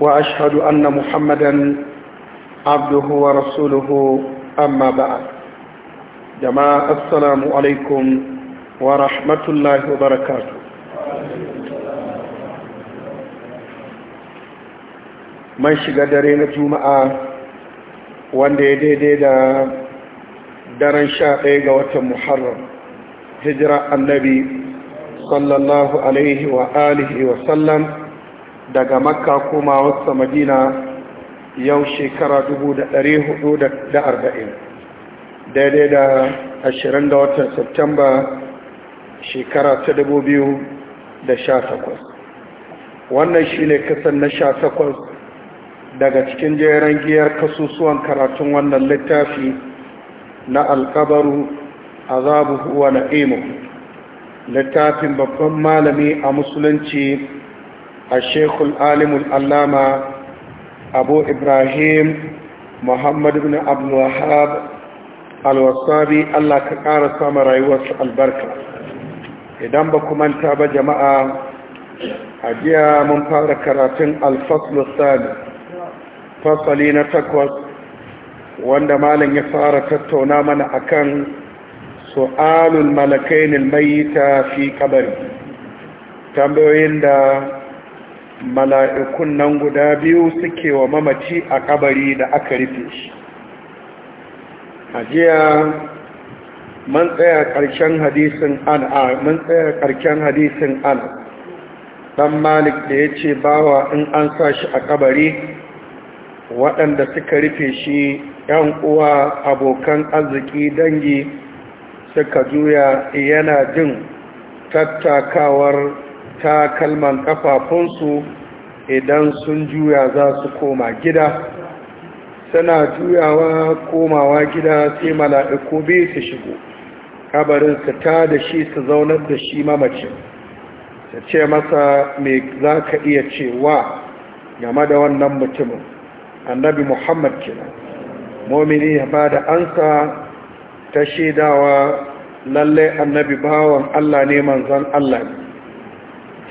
وأشهد أن محمدا عبده ورسوله أما بعد جماعة السلام عليكم ورحمة الله وبركاته من shiga dare na juma'a wanda ya daidai da daren sha ɗaya ga watan muharram hijira annabi sallallahu alaihi wa alihi wa sallam daga makka kuma wasu madina yau shekara 440 daidai da 20 da watan septemba shekara ta 2018 wannan shi ne kasan na 18 daga cikin jeren giyar kasusuwan karatun wannan littafi na alkabaru zabu wa na'imu littafin babban malami a musulunci A العالم العلامة أبو abu ibrahim muhammad عبد الوهاب alwasabi Allah ka ƙara samun rayuwarsu albarka idan ba ku manta ba jama'a a jiya mun fara karatun alfaslu sani fasali na takwas wanda malam ya fara tattauna mana akan su'alul malakainil mayyita fi kabari tambayoyin da mala'ikun nan guda biyu suke wa mamaci a kabari da aka rufe shi ajiya man tsaya karshen hadisin ana man tsaya ƙarshen hadisin ana dan malik da ya ce bawa in an sa shi a kabari waɗanda suka rufe shi ‘yan uwa abokan arziki dangi suka juya yana jin tattakawar ta kalman kafafunsu idan sun juya za su koma gida suna juyawa komawa gida sai mala'iku biyu su shigo kabarin su ta da shi su zaunar da shi mamacin su ce masa mai za ka iya cewa game da wannan mutumin annabi muhammad kenan momini ya ba da ansa ta shaidawa lallai annabi bawan allah ne manzan allah ne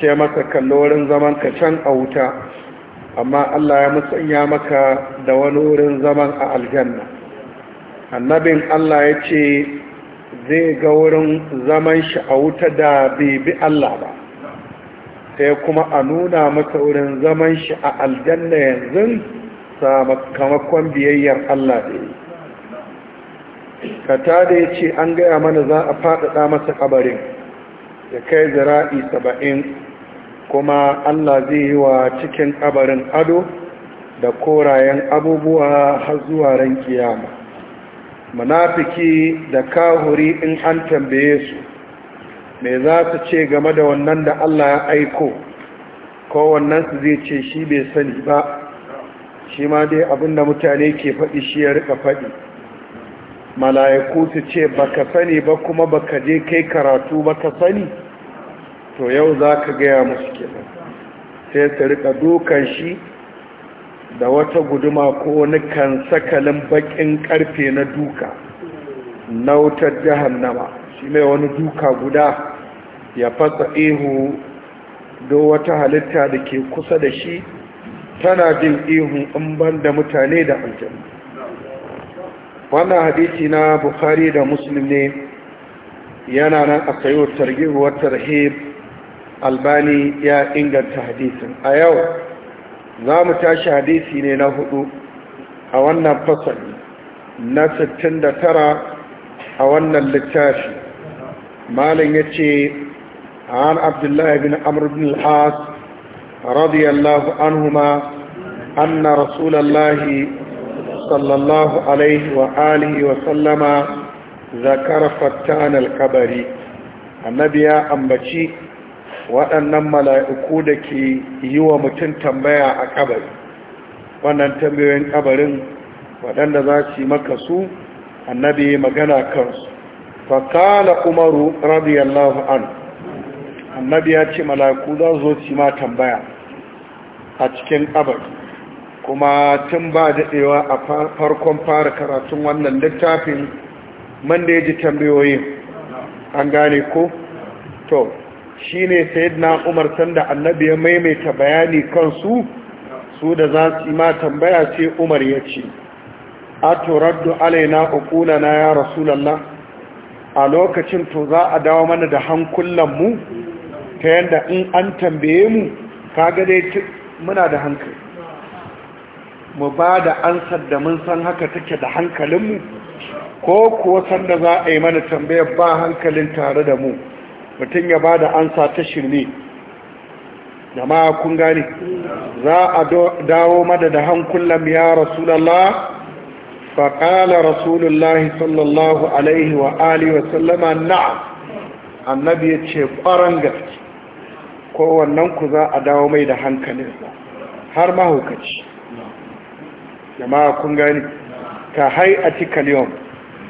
ce maka kallo wurin zaman ka can a wuta amma Allah ya musanya maka da wani wurin zaman a aljanna annabin Allah ya ce zai ga wurin zaman shi a wuta da bai bi Allah ba sai kuma a nuna maka wurin zaman shi a aljanna yanzu sakamakon biyayyar Allah da yi ta da ya ce an gaya mana za a faɗaɗa masa kabarin ya kai zira'i saba'in kuma Allah zai yi wa cikin kabarin ado da korayen abubuwa har zuwa ran kiyama munafiki da kahuri in an tambaye su me za su ce game da wannan da Allah ya aiko ko wannan su zai ce shi bai sani ba shi ma dai abinda mutane ke faɗi shi ya rika faɗi mala'iku su ce baka sani ba kuma baka je kai karatu baka sani to yau za ka gaya musu kenan sai ta rika dukan shi da wata guduma ko wani sakalin bakin karfe na duka na wutar jahannama shi mai wani duka guda ya fasa ihu don wata halitta da ke kusa da shi tana jin ihu in ban da mutane da aljanu wannan hadisi na bukhari da Musulmi yana nan a sayo targewar tarhib albani ya inganta hadisin a yau za mu tashi hadisi ne na hudu a wannan fasali na 69 a wannan littafi malin ya ce an abdullahi bin amr bin al'as radiyallahu anhuma anna rasulallahi sallallahu alaihi wa alihi wa sallama zakar fattan kabari annabi ya ambaci waɗannan mala'iku da ke yi wa mutum tambaya a ƙabari wannan tambayoyin ƙabarin waɗanda za su yi maka su annabi magana kansu fakala umaru radiyallahu an annabi ya ce mala'iku za zo su ma tambaya a cikin ƙabari kuma tun ba daɗewa a farkon fara karatun wannan littafin man da ya ji tambayoyin an gane ko to Shi shine sayyidina Umar sanda annabi ya maimaita bayani kansu su da za su ma tambaya ce Umar ya ce aturaddu alaina na ya lalla. a lokacin to za a dawo mana da hankulan mu ta yadda in an tambaye mu kaga dai muna da hankali mu ba da ansar da mun san haka take da hankalinmu ko kuwa sanda za a yi mana tambayar ba hankalin tare da mu mutum ya ba da ansa ta shirme jama'a kun gani. za a dawo mada da hankulan ya rasulallah faƙala rasulullahi sallallahu alaihi wa alihi wa sallama na'am annabi ya ce ƙwaron gaske kowannan ku za a dawo mai da hankalinsa har mahaukaci jama'a kun gani ka hai a cikin yau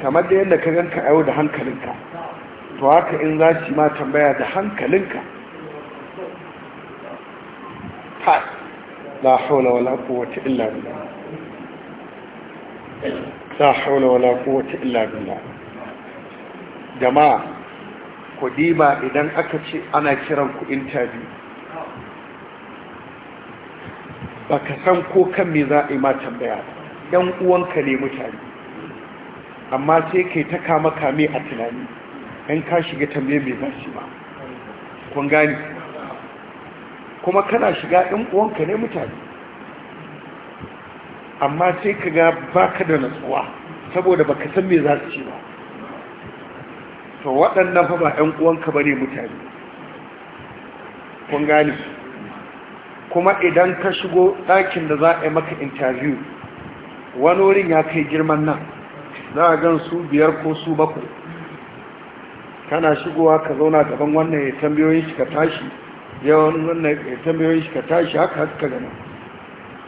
kamar da yadda ka ganka yau da hankalinka to haka in za shi ma tambaya da hankalinka ha la haula wala quwwata illa billah la haula wala quwwata illa billah jama'a ku idan aka ce ana kiran ku interview baka san ko kan me za a yi ma tambaya yan uwanka ne mutane amma sai kai ta kama kame a tunani kan ka shiga tambaye mai bashi ba kun gani kuma kana shiga ɗin uwanka ne mutane amma sai ka ga baka da natsuwa saboda baka san me za su ci ba to waɗannan fa ba ɗan uwanka ba ne mutane kun gani kuma idan ka shigo ɗakin da za a yi maka interview wani wurin ya kai girman nan za a gan su biyar ko su bakwai kana shigowa ka zauna gaban wannan ya tambayoyin shi ka tashi yawan wannan ya tambayoyin shi ka tashi haka haka gana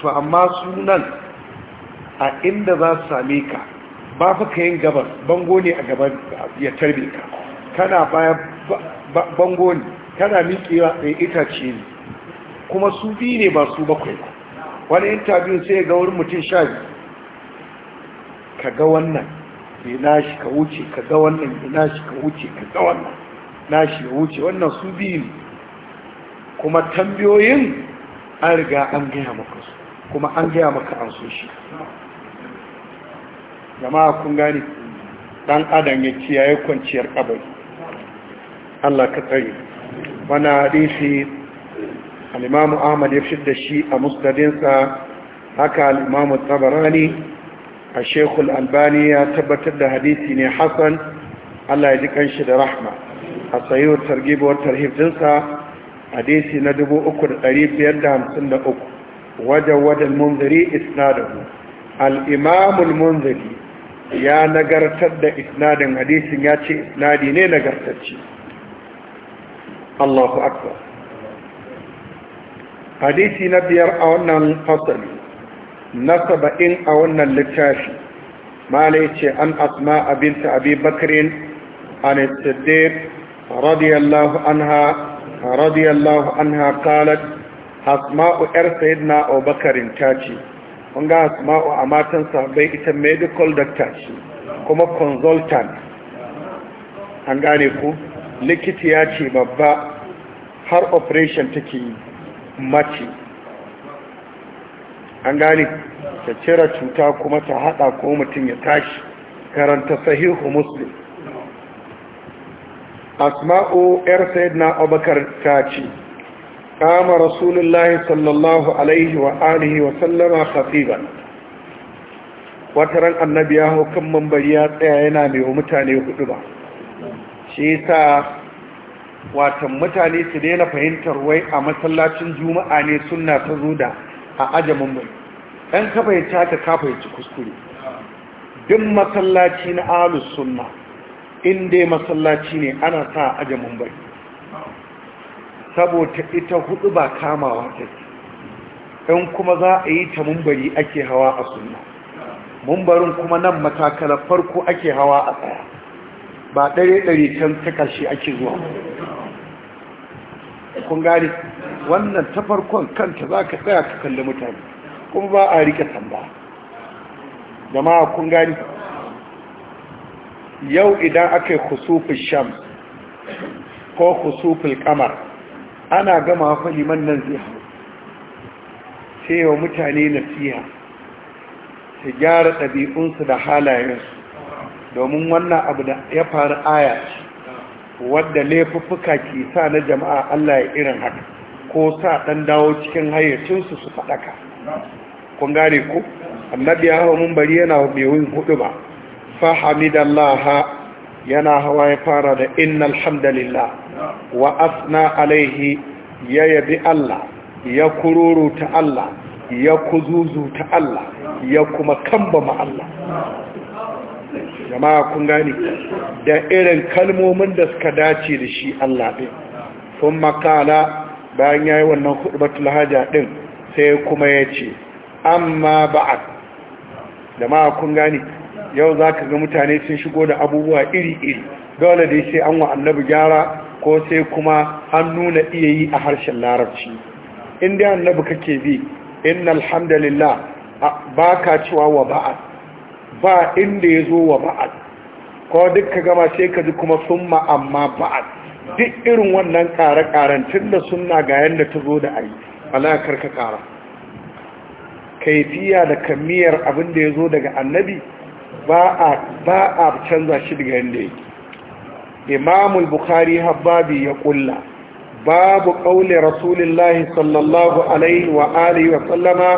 to amma sunan a inda za su same ka ba fa ka yin gabar bango ne a gaban ya tarbe ka kana baya bango ne kana miƙewa ɗaya itace ne kuma su biyu ne ba su bakwai wani intabiyun sai ga wurin mutum sha biyu ka ga wannan ina shi ka wuce ka ga wannan ina shi ka wuce ka ga wannan na shi ya wuce wannan su biyu kuma tambayoyin an riga an gaya maka su kuma an gaya maka an so shi jama'a kun gane dan adam ya kiyaye kwanciyar kabari Allah ka tsare mana hadisi al-Imam Ahmad ya fi da shi a musnadinsa haka al-Imam Tabarani a shekul albani ya tabbatar da hadisi ne hassan allah ya ji kanshi da rahma a sayiwar targibuwar tarhibdinsa hadisi na 3,553 wajen wajen munziri isnadahu al'imamul munziri ya nagartar da isnadin hadisin ya ce isnadi ne nagartacci allahu akbar hadisi na biyar a wannan fasali na saba'in a wannan littafi mana ya ce an asma abinta abi bakirin an siddiq radiyallahu an ha, radiyallahu ha kalat asma'u yar sayyidina abubakarin ta ce kun ga asma'u a matan sahabbai ita medical doctor ce kuma consultant an gane ku likiti ya ce babba har operation take yi mace an gane ta cire cuta kuma ta hada ko mutum ya tashi karanta sahihu muslim asma'u yar sayyidina abubakar ta ce kama rasulullahi sallallahu alaihi wa alihi wa sallama khatiban wata ran annabi ya hau kan mambari ya tsaya yana mai wa mutane hudu ba shi sa watan mutane su daina fahimtar wai a masallacin juma'a ne sunna ta zo da a ajamin mai ɗan kafa ya kafa ya ci kuskure duk masallaci na alus sunna in dai masallaci ne ana sa a ajamin bai saboda ita hudu ba kamawa ta ɗan kuma za a yi ta mumbari ake hawa a sunna mumbarin kuma nan matakala farko ake hawa a tsaya ba ɗare-ɗare can ta ƙarshe ake zuwa kun gari wannan ta farkon kanta za ka tsaya ka kalli mutane kuma ba a rike tamba. jama'a kun gani yau idan aka yi kusufin sham ko kusufin kamar ana gama liman nan zai hau sai yau mutane na siya su gyara ɗabi'unsu da halayensu domin wannan abu da ya faru aya wadda laifuffuka ke sa na jama'a Allah ya irin haka ko sa ɗan dawo cikin hayyacinsu su faɗaka kun gane ku annabi ya mun bari yana mai hudu ba ha yana hawa ya fara da inna alhamdulillah wa asna alaihi ya yabi Allah ya kururu ta Allah ya ta Allah ya kuma kambama Allah jama'a kun gani da irin kalmomin da suka dace da shi Allah ɗin sun makala bayan ya yi wannan hudubatul haja ɗin sai kuma ya ce amma da ma kun gani yau za ka ga mutane sun shigo da abubuwa iri-iri dole dai sai an wa annabi gyara ko sai kuma an nuna iya yi a harshen larabci inda annabi kake bi inna alhamdulillah ba ka cewa wa ba'a ba inda ya zo wa ba'ad ko duk ka gama sai ka ji kuma summa amma ba'ad duk irin wannan kare-karen tun da suna ga yadda ta zo da a yi alakar ka kara kaifiya da kammiyar abin da ya zo daga annabi ba a canza shi daga yadda yi imamul bukhari habbabi ya ƙulla. babu kaule rasulullahi sallallahu alaihi wa alihi wa sallama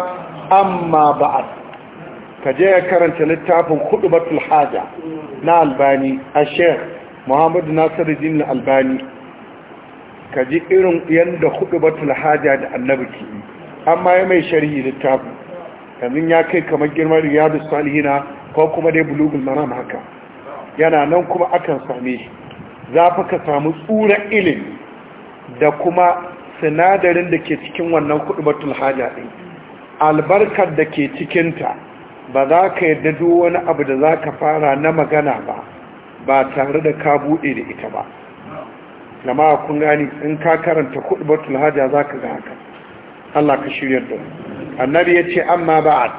amma ba'ad ka je ya karanta littafin batul haja na albani a sheikh muhammadu nasiruddin albani ka ji irin yadda hudu batul haja da annabi ke amma ya mai sharhi littafi yanzu ya kai kamar girman riyadu salihina ko kuma dai bulugul maram haka yana nan kuma akan sami. shi za fa ka samu tsura ilimi da kuma sinadarin da ke cikin wannan hudu batul haja ɗin albarkar da ke cikinta ba za ka yadda duk wani abu da za ka fara na magana ba ba tare da ka buɗe da ita ba jama'a kun gani in ka karanta kuɗbatul hajja za ka ga haka Allah ka shirya da annabi ya ce amma ba'a.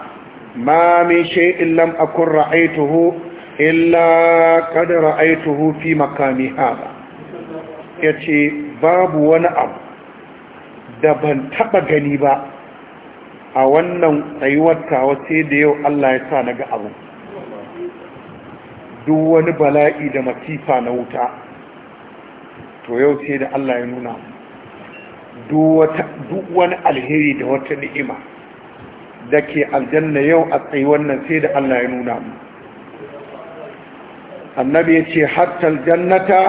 ma min shay'in lam akun ra'aytuhu illa qad ra'aytuhu fi makami hada yace babu wani abu da ban taɓa gani ba a wannan tsayuwar tawa sai da yau Allah ya sa ga abu duk wani bala'i da masifa na wuta to yau sai da Allah ya nuna duk wani alheri da wata ni'ima da ke aljanna yau a tsaye wannan sai da Allah ya nuna mu annabi ya ce hatta aljannata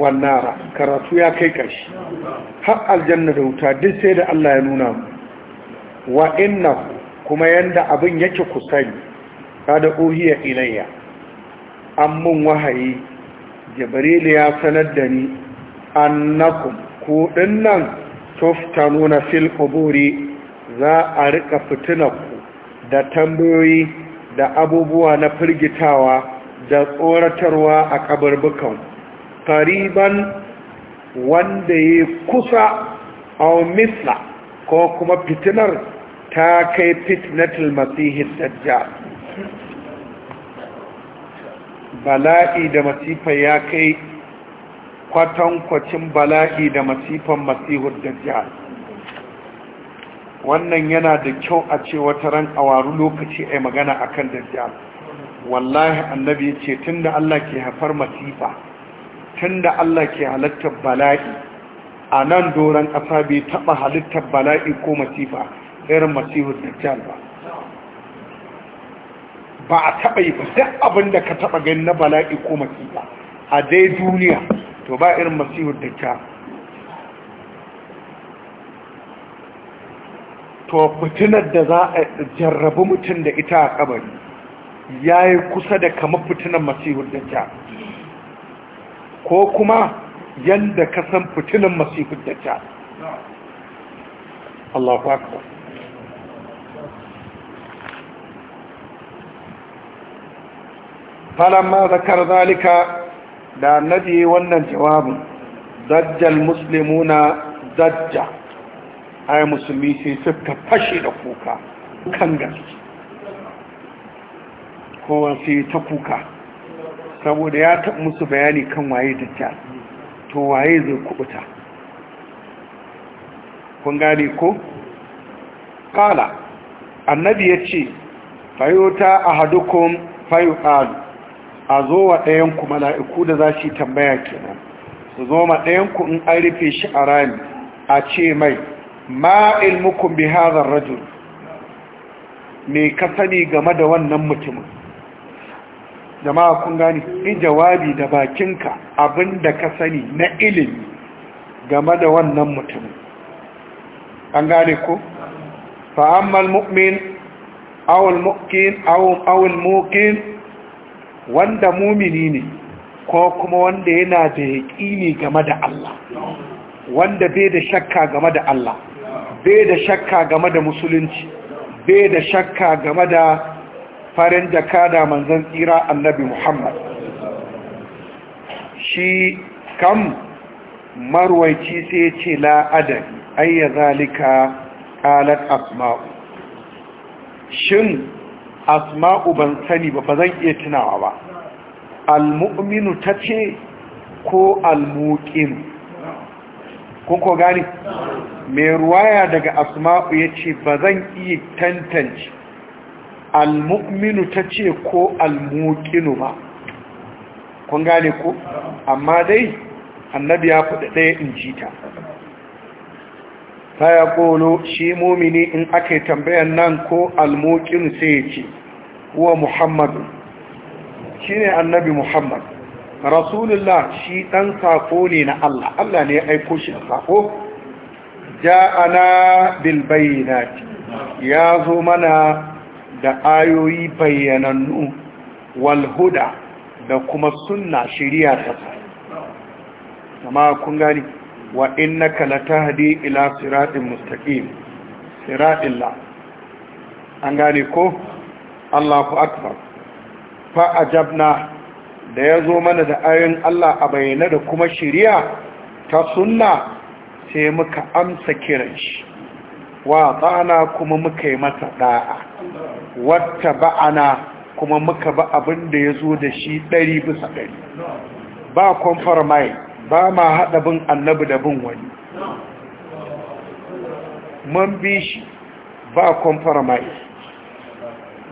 wannara karatu ya kai ƙarshe har aljanna da wuta duk sai da Allah ya nuna mu wa inna kuma yanda abin yake ku sani kada uhiya ilayya an mun wahayi jibril ya sanar da ni annakum ku dinnan tuftanuna fil quburi za a rika ku da tambayoyi da abubuwa na firgitawa da tsoratarwa a kaburbukan fariban wanda ya kusa aw misla ko kuma fitinar ta kai fitnatul masihid dajjal bala'i da masifa ya kai kwatankwacin bala'i da masifan masihun dajjal wannan yana da kyau a ce wata ran awaru lokaci a magana akan dajjal wallahi annabi ya ce tun da Allah ke haifar masifa tun da Allah ke halittar bala'i a nan doron ƙasa bai taɓa halittar bala'i ko masifa irin masihun dajjal ba ba a taɓa yi ba duk abin da ka taɓa gani na bala'i ko masifa a dai duniya to ba irin masihun dajjal to fitinar da za a jarrabu mutum da ita a kabari ya yi kusa da kamar fitinar masihun dajjal ko kuma yadda ka san fitinar masihun dajjal Allahu akbar falamma zakar zalika da annabi wannan jawabin zajjal muslimuna zajja ai musulmi sai suka fashe da kuka kan gaske kowa sai ta kuka saboda ya taɓa musu bayani kan waye dajjal to waye zai kubuta kun gane ko kala annabi ya ce fayota ahadukum fayuqalu a zo wa ɗayanku mala'iku da za shi tambaya kenan su zo ma ɗayanku in an rufe shi a rami a ce mai ma ilmukun bi hazar rajul mai ka sani game da wannan mutumin jama'a kun gani in jawabi da bakinka abin da ka sani na ilimi game da wannan mutumin an gane ko fa'ammal mu'min awul mu'kin awul mu'kin wanda mumini ne ko kuma wanda yana da yaƙi ne game da Allah wanda bai da shakka game da Allah bai da shakka game da musulunci bai da shakka game da farin jaka da manzan tsira annabi Muhammad shi kam marwaici sai ce la'adari ayyazalika zalika asma'u shin asma'u ban sani ba ba zan iya tunawa ba almu'minu ta ce ko almuqinu Kunko ko gani mai ruwaya daga asma'u ya ce ba zan iya tantance almu'minu ta ce ko almuqinu ba kun gane ko amma dai annabi ya faɗi ɗaya in ji ta ta ya ƙolo shi momini in aka yi tambayan nan ko almuqinu sai ya ce huwa muhammadu shine annabi muhammad rasulullah shi ɗan saƙo ne na Allah Allah ne ya aiko shi da sako ja'ana bil ya zo mana da ayoyi bayyanannu wal huda da kuma sunna shirya ta amma kun gani wa innaka latahdi ila siratin mustaqim la. an gane ko Allahu akbar fa ajabna da ya zo mana da ayin Allah a bayyana da kuma shiriya ta sunna sai muka amsa kiran shi wa ta'ana kuma muka yi masa da'a wata ba'ana kuma muka ba abin da ya zo da shi ɗari bisa ɗari ba kwamfarmai ba ma haɗa bin annabi da bin wani mun bi shi ba kwamfarmai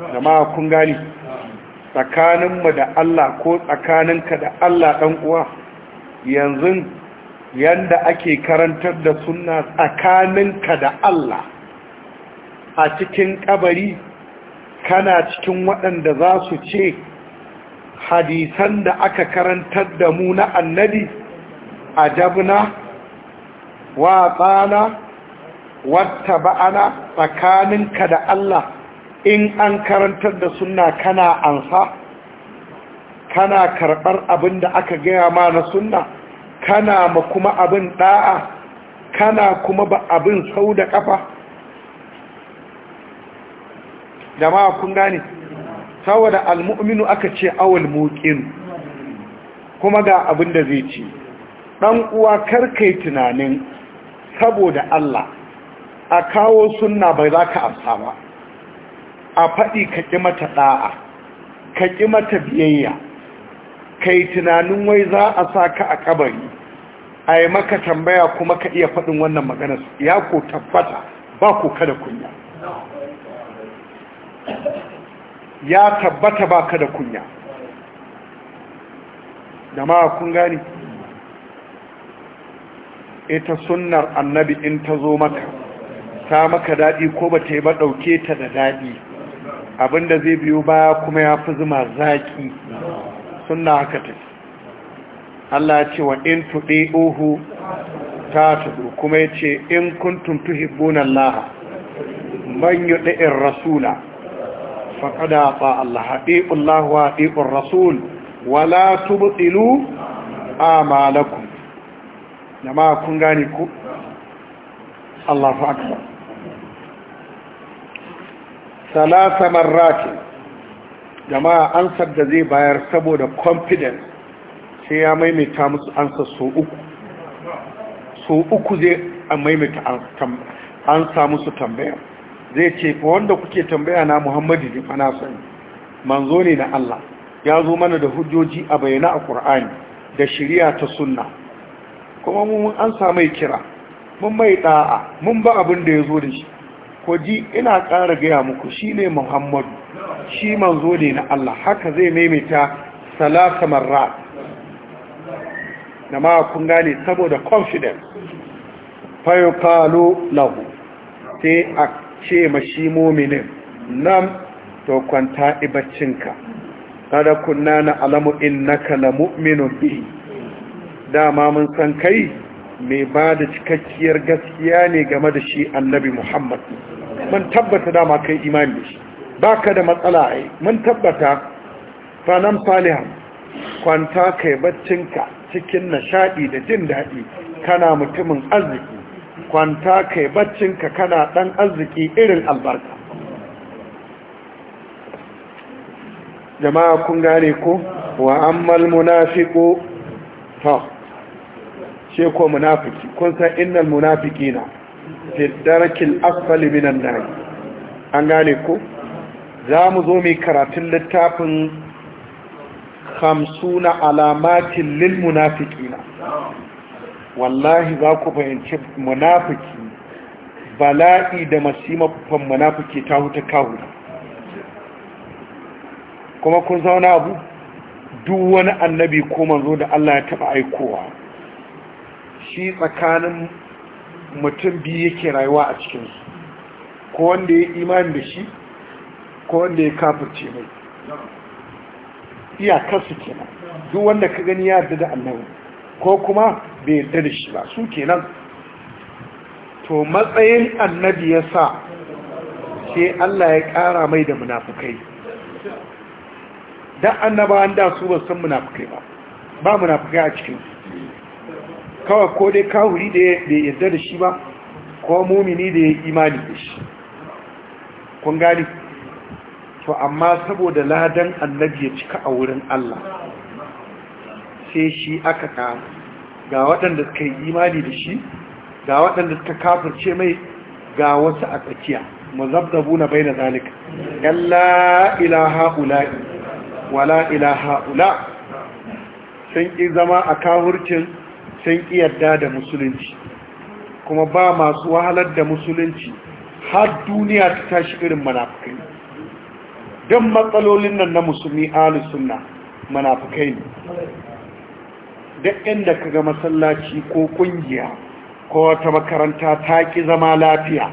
jama'a kun gani tsakaninmu da Allah ko tsakaninka da Allah ɗan uwa yanzu yanda ake karantar da sunna tsakaninka da Allah a cikin ƙabari? kana cikin waɗanda za su ce hadisan da aka karantar da mu na annabi a jabna wa tsana wata ba'ana tsakaninka da Allah in an karantar da sunna kana ansa kana karɓar abin da aka gaya ma na sunna kana ma kuma abin ɗa'a kana kuma ba abin sau da ƙafa jama'a kun gane saboda almu'minu aka ce awal muqin kuma ga abin da zai ci ɗan uwa karkai tunanin saboda Allah a kawo sunna bai za ka amsa ba a faɗi ka ƙi mata ɗa'a ka ƙi mata biyayya ka yi tunanin wai za a sa ka a ƙabari a yi maka tambaya kuma ka iya faɗin wannan maganar ya ko tabbata ba ko kada kunya ya tabbata ba kada kunya da ma kun gani ita sunnar annabi in ta zo maka ta maka daɗi ko ba ta yi ba ɗauke ta da daɗi abinda zai biyo baya kuma ya fi zuma zaki suna haka ta Allah ce wa in tuɗe ohu ta tuɗu kuma ya ce in kuntum tuhibbunan laha ban yi ɗi'in rasula faƙada ba Allah lahu lahuwa ɗi'un rasul wala tubutilu a malakun ma kun gane ku Allah fa'akbar salasa marratin jama'a ansar da zai bayar saboda confidence sai ya maimaita musu ansa so uku so uku zai maimaita ansa musu tambaya zai ce fa wanda kuke tambaya na muhammadu ne fana sani manzo ne na Allah ya zo mana da hujjoji a bayyana a Kur'ani da shirya ta sunna kuma mun an sa mai kira mun mai ɗa'a mun ba abin da ya zo da shi kwaji ina ƙara gaya muku shi ne muhammadu shi manzo ne na Allah haka zai maimaita salata marra na ma gane saboda confidence fayo kalo lahu sai a ce mashi mominin nan to kwanta ibaccinka kada kunna na alamu innaka la mu'minu bihi dama mun san kai mai ba da cikakkiyar gaskiya ne game da shi annabi muhammad mun tabbata dama kai imani da shi ba ka da matsala a yi mun tabbata fanan faliha kwanta kai baccinka cikin nishaɗi da jin daɗi kana mutumin arziki kwanta kai baccinka kana ɗan arziki irin albarka jama'a kun gane ko wa ammal fa shi ko munafiki kun san innal munafiqina fi darakil asfali minan nar an gane ko za mu zo mu karatun littafin 50 alamatin lil munafiqina wallahi za ku fahimci munafiki bala'i da masimafan munafiki ta huta kawo kuma kun zauna abu duk wani annabi ko manzo da Allah ya taba aikowa shi tsakanin mutum biyu yake rayuwa a cikinsu ko wanda ya imani da shi ko wanda ya kafirce mai iyakarsu kenan duk wanda ka gani ya yarda da annabi ko kuma bai yarda da shi ba su kenan to matsayin annabi ya sa sai Allah ya ƙara mai da munafukai dan annabawan da su ba san munafukai ba ba munafukai a cikinsu kawai ko dai kawuri da ya yarda da shi ba ko mumini da ya imani da shi kun gani to amma saboda ladan annabi ya cika a wurin Allah sai shi aka kama ga waɗanda suka yi imani da shi ga waɗanda suka kafirce mai ga wasu a tsakiya mazabdabu na bai na zalika yalla ilaha ula'i wala ilaha ula sun ƙi zama a kawurcin sun yarda da musulunci kuma ba masu wahalar da musulunci har duniya ta tashi irin manafikai don matsalolin nan na musulmi alisunna sunna manafikai ne duk inda ka ga masallaci ko ƙungiya, ko wata makaranta ta ƙi zama lafiya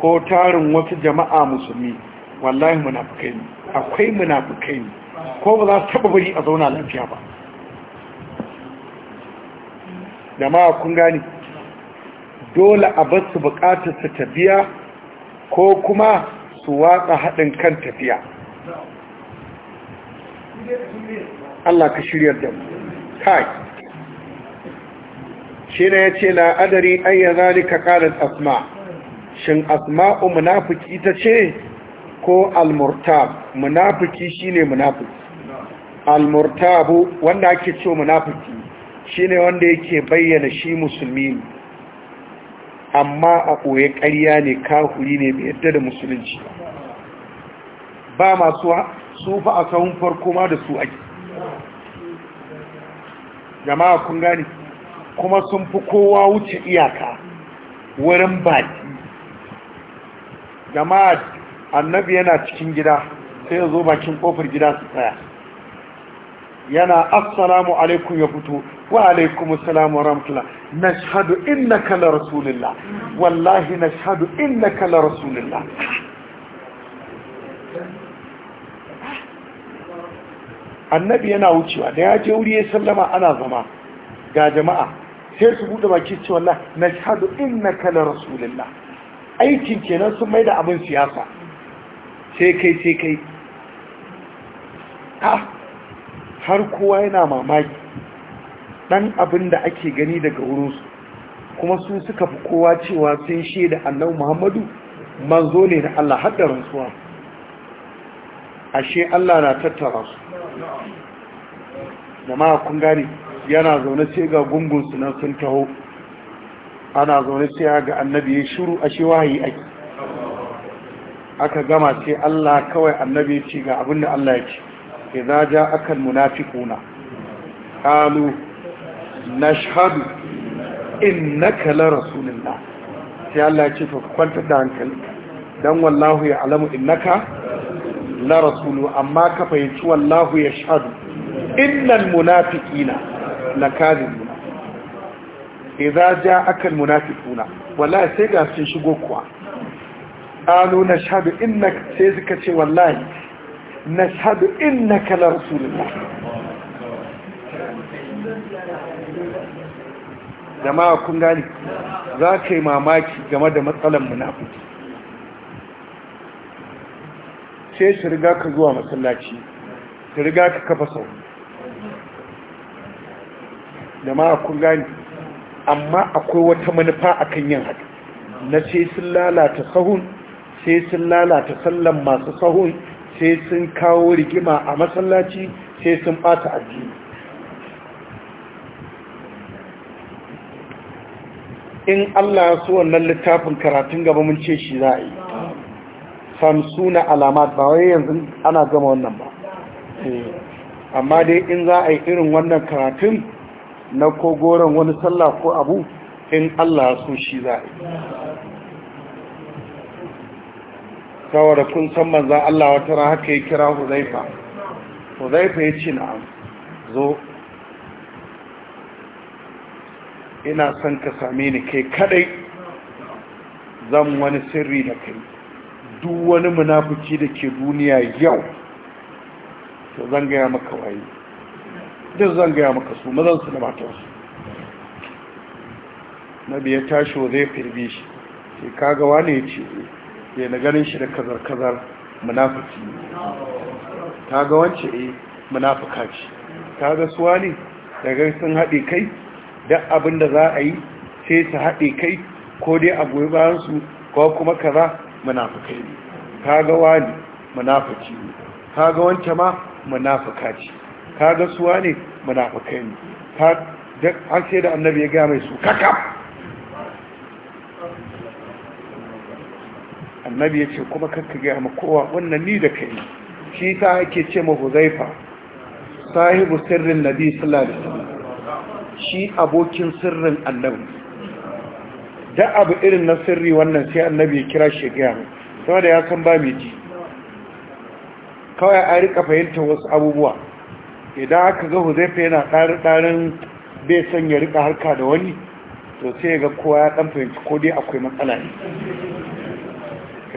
ko tarin wasu jama'a musulmi wallahi munafukai ne akwai munafikai ne ko ba za su taba bari a zauna lafiya ba jama'a kun gani dole a bar su bukatar su tafiya ko kuma su watsa haɗin kan tafiya Allah ka shirya da mu kai shi ne ya ce la'adari ayyar zalika ƙarar asma shin asma'u munafiki ta ce ko almurtab munafiki shine munafiki almurtabu wanda ake ce munafiki Shi ne wanda yake bayyana shi musulmi ne amma a koye ƙarya ne kahuri ne mai yadda da musulunci ba masu sufa a sahun farko ma da su ake jama'a kun gani kuma sun fi kowa wuce iyaka wurin baki jama'a annabi yana cikin gida sai ya zo bakin kofar gida su tsaya yana assalamu alaikum ya fito wa alaikum assalamu ramtula na shahadu inna kala rasulillah wallahi na shahadu inna kala rasulillah annabi yana wucewa da ya je wuri ya sallama ana zama ga jama'a sai su buɗe baki ce wallah na shahadu inna kala rasulillah aikin kenan sun mai da abin siyasa sai kai sai kai ah! har kowa yana mamaki dan abin da ake gani daga wurinsu kuma su suka fi kowa cewa sun shaida annabi muhammadu manzo ne na Allah har da rantsuwa ashe Allah na tattara su jama'a kun gani yana zaune sai ga gungun nan sun taho ana zaune sai ga annabi ya shiru ashe wahayi ake aka gama sai Allah kawai annabi ya ce ga abin da Allah ya ce idza ja'aka almunafiquna qalu nashhadu innaka la rasulullah sai Allah ya ce to kwanta da hankali dan wallahu ya alamu innaka la rasulu amma ka fahimci wallahu ya shahadu innal munafiqina lakazibun idza ja'aka almunafiquna wallahi sai ga sun shigo kuwa qalu nashhadu innaka sai suka ce wallahi nashhadu innaka la rasulullah jama'a kun gani za ka mamaki game da matsalan munafiki sai su riga ka zuwa masallaci su riga ka kafa sau jama'a kun gani amma akwai wata manufa akan yin haka na sai sun lalata sahun sai sun lalata sallar masu sahun sai sun kawo rigima a masallaci sai sun bata addini in Allah su wannan littafin karatun gaba mun ce shi za a yi samsuna alamat ba wai yanzu ana gama wannan ba eh, amma dai in za a yi irin wannan karatun na kogoron wani sallah ko abu in Allah su shi za a yi saboda kun san manzan Allah wata ran haka ya kira Huzaifa Huzaifa ya ce na'am zo ina son ka same ni kai kadai zan wani sirri da kai duk wani munafuki da ke duniya yau to zan gaya maka waye duk zan gaya maka su su da su. nabi ya tashi wa zai bi shi sai kaga wane ya ce eh, ke na ganin shi da kazar-kazar munafiki ta ga wance e munafuka ce ta ga suwa ne daga sun haɗe kai da abin da za a yi sai su haɗe kai ko dai a goyi bayansu ko kuma kaza munafukai ne ta ga wani munafiki ne ta ga wance ma munafuka ce ta ga suwa ne munafukai ne ta an sai da annabi ya gaya mai su kakaf annabi ya ce kuma kanka gaya ma kowa wannan ni da kai shi ta ake ce ma huzaifa sahibu sirrin nabi sallallahu alaihi wasallam shi abokin sirrin annabi da abu irin na sirri wannan sai annabi ya kira shi gaya mai sama da ya san ba mai ji kawai a rika fahimta wasu abubuwa idan aka ga huzaifa yana ɗarin bai son ya rika harka da wani to sai ga kowa ya ɗan fahimci ko dai akwai matsala ne da a kaga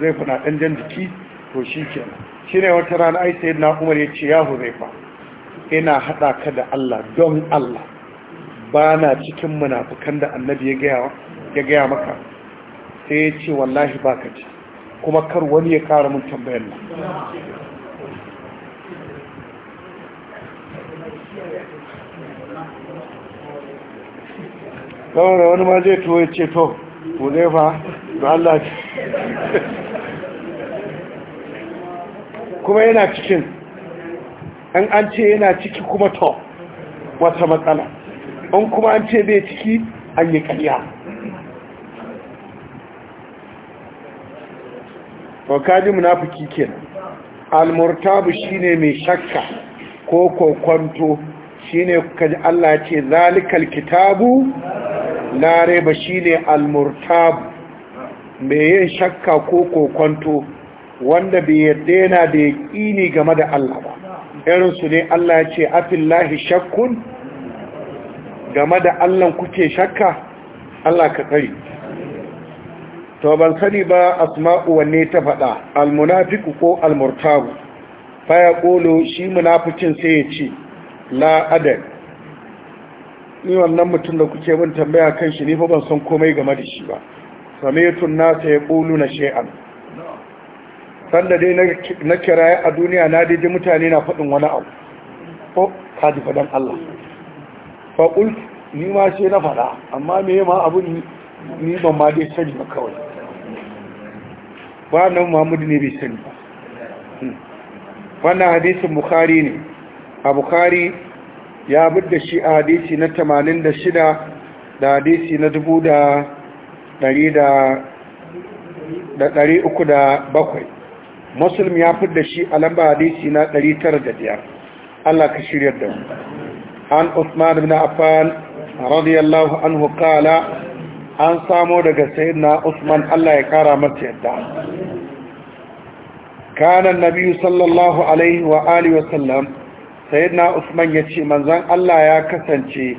zai na ɗan jan jiki to shi kenan shi ne wata rana ai sai na umar ya ce ya huzaifa ina haɗa ka da Allah don Allah ba na cikin munafukan da annabi ya gaya maka sai ya ce wallahi ba ka ci kuma kar wani ya ƙara mun tambayar nan kawai wani ma zai ya ce to Allah kuma yana cikin an an ce yana ciki kuma to wata matsala an kuma an ce bai ciki an yi ƙarya to kaji munafiki kenan al-murtabu shine mai shakka ko kokonto shine kaji Allah ce zalikal kitabu la shi shine almurtabu. mai yin shakka ko kokonto wanda bai yadda yana da ƙini game da Allah ba irinsu ne Allah ya ce afillahi shakkun game da Allah kuke shakka Allah ka tsari to ban sani ba asma'u wanne ta faɗa almunafiku ko almurtabu faya ƙolo shi munafikin sai ya ce la'adar ni wannan mutum da kuke bin tambaya kan shi ne fa ban san komai game da shi ba samitun nasa ya ƙulu na she'an sanda dai na kiraye a duniya na daidai mutane na faɗin wani abu ko kaji faɗin Allah faƙul ni ma ce na faɗa amma me ma abin ni ban ma dai sani ba kawai ba nan muhammadu ne bai sani ba wannan hadisin bukari ne a bukari ya da shi a hadisi na 86 da hadisi na 307 muslim ya fi da shi a lamba hadisi na 905 Allah ka shirya da mu an Usman ibn Affan radiyallahu anhu qala an samo daga sayyidina Usman Allah ya kara masa yadda kana annabi sallallahu alaihi wa alihi wa sallam sayyidina Usman ya yace manzon Allah ya kasance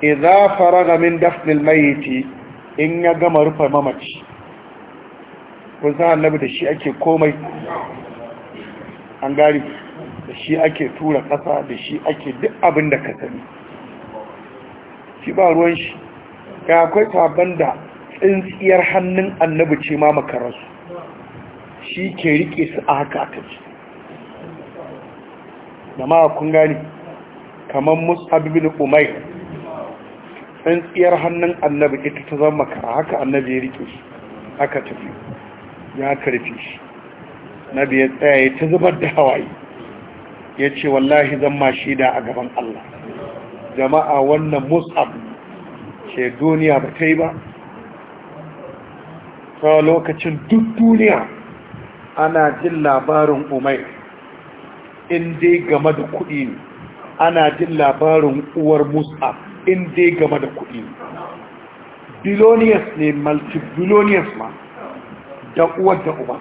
idza faraga min dafnil mayyiti in ya gama rufe mamaci kun san annabi da shi ake komai an gari da shi ake tura ƙasa da shi ake duk abin da ka sani shi ba ruwan shi ga akwai sabon da tsintsiyar hannun annabi ce ma makararsu shi ke rike su a haka aka ce da ma kun gani kamar musa bibin umair tsantsiyar hannun annabi ita ta zama kara haka annabi ya rike shi aka tafi ya karfi shi nabi ya tsaye ta zubar da hawaye ya ce wallahi zan ma shida a gaban Allah jama'a wannan mus'ab ce duniya ba ta yi ba ta lokacin duk duniya ana jin labarin umai in dai game da kuɗi ana jin labarin uwar mus'ab in dai game da kuɗi bilonius ne multi ma da uwar da uba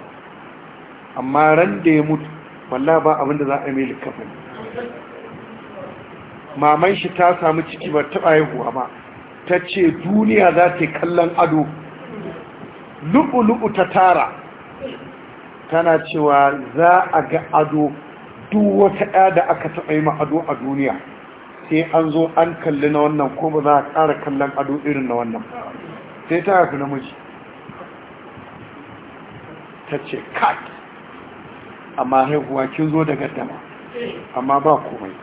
amma ran da ya mutu wallah ba abinda za a mai likafin maman shi ta samu ciki ba taɓa haihuwa ba ta ce duniya za ta yi kallon ado lu'u-lu'u ta tara tana cewa za a ga ado duk wata ɗaya da aka taɓa yi ma ado a duniya sai an zo an kalli na wannan ko ba za a ƙara kallon ado irin na wannan sai ta haifi namiji ta ce kat amma haihuwa kin zo daga dama amma ba komai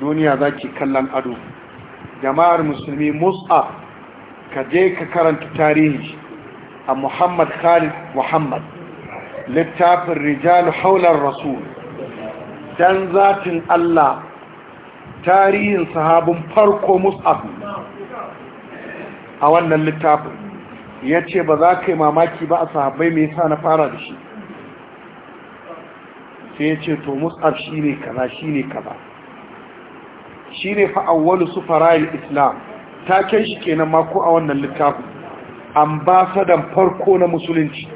duniya za ki kallon ado jama'ar musulmi musa ka je ka karanta tarihi a muhammad khalid muhammad littafin rijalu haular rasul dan zatin allah tarihin sahabin farko mus'ab a wannan littafin ya ce ba za ka yi mamaki ba a sahabai mai sa na fara da shi sai ya ce to mus'ab shi ne kaza shi ne kaza shi ne fa'awwalu su fara'il islam taken shi kenan mako a wannan littafin ambasadan farko na musulunci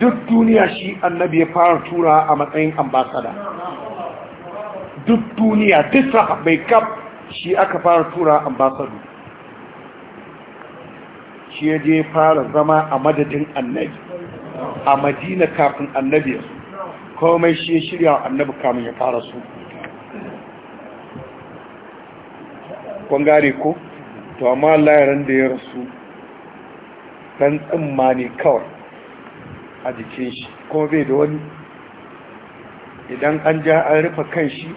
duk duniya shi annabi ya fara tura a matsayin ambasada duk duniya duk mai kaf shi aka fara tura ambasado shi ya je fara zama a madadin annabi a madina kafin annabi ya komai shi ya shirya wa annabi kamun ya fara su kwangare ko to amma layaran da ya rasu ɗan tsimma ne kawai a jikin shi kuma bai da wani idan an ja an rufe kan shi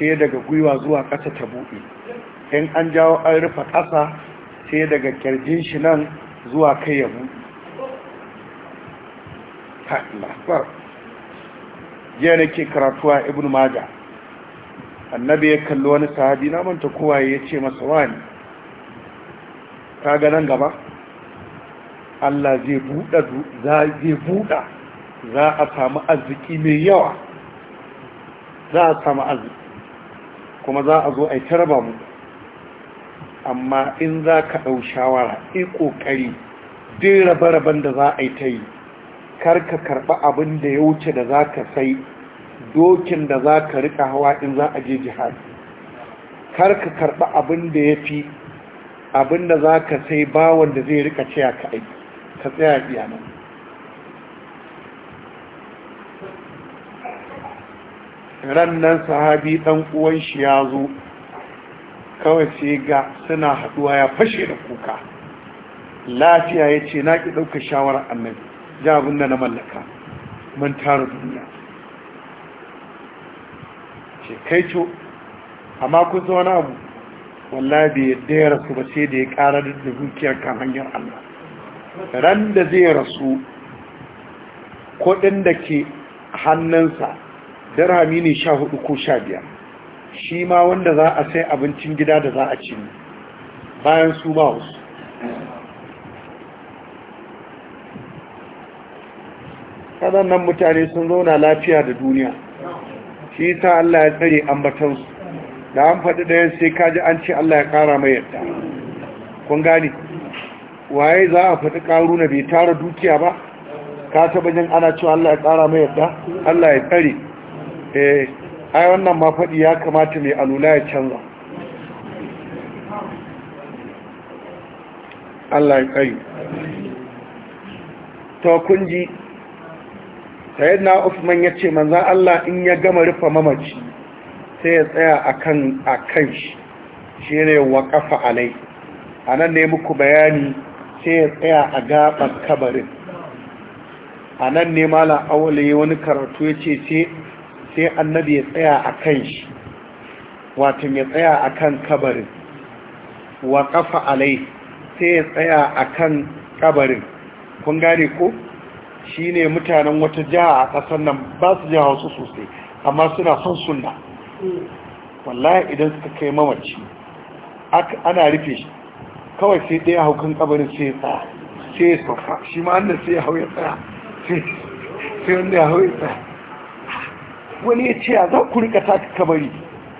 sai daga gwiwa zuwa ƙasa ta buɗe in an jawo an rufe ƙasa sai daga ƙirjin shi nan zuwa kai ya buɗe jiya nake karatuwa ibn maja annabi ya kalli wani sahabi na manta kowa ya ce masa wani Ta nan gaba Allah zai buɗa za a samu arziki mai yawa za a samu arziki kuma za a zo a yi taraba mu amma in za ka ɗau shawara i ƙoƙari duk rabe-raben da za a yi ta yi karka karɓa abin da ya wuce da za ka sai dokin da za ka riƙa hawa in za a je jihar karka karɓa abin da ya fi abin da za ka sai bawon da zai riƙa ce ka aiki ka tsaya biya nan rannan sahabi dan uwan shi ya zo kawai sai ga suna haɗuwa ya fashe da kuka lafiya ya ce na ki ɗauka shawarar annabi ja abin na mallaka mun tara duniya ce kai co amma kun zo wani abu wallahi bai yadda ya rasu ba sai da ya ƙara da dukiyar kan hanyar allah ran da zai rasu kuɗin da ke hannunsa dirhami ne sha hudu ko sha biyar shi ma wanda za a sai abincin gida da za a ci bayan su ba wasu waɗannan mutane sun zauna lafiya da duniya shi ta Allah ya tsare ambatansu da an faɗi ɗaya sai kaji an ce Allah ya ƙara mai yadda kun gani waye za a faɗi ƙaru na bai tara dukiya ba ka taɓa jin ana cewa Allah ya ƙara mai yadda Allah ya tsare eh ai wannan ma faɗi ya kamata mai alula ya canza Allah ya kai to kun ji sayyidina Usman yace manzon Allah in ya gama rufa mamaci sai ya tsaya akan akan shi shine waqafa alai anan ne muku bayani sai ya tsaya a gaban kabarin anan ne malam awali wani karatu yace sai sai annabi ya tsaya a kan shi watan ya tsaya a kan kabarin wa kafa alai sai ya tsaya a kan kabarin kun gane ko shi ne mutanen wata jaha a ƙasar nan ba su jiha wasu sosai amma suna son sunna wallahi idan suka kai mamaci ana rufe shi kawai sai ɗaya kan kabarin sai ya tsaya sai ya tsaya shi ma sai ya hau ya tsaya sai wanda ya hau ya tsaya wani ya ce za ku rika ta kabari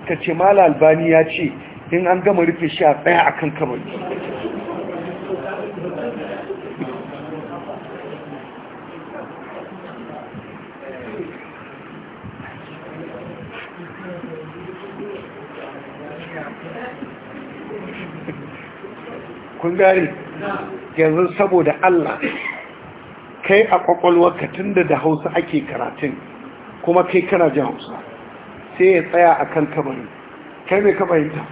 ka ce mala albani ya ce in an gama rufe shi a tsaya a kan kabari kun gari yanzu saboda Allah kai a kwakwalwa ka da da hausa ake karatun kuma kai kana jan hausa sai ya tsaya a kan kabari kai mai kabarinta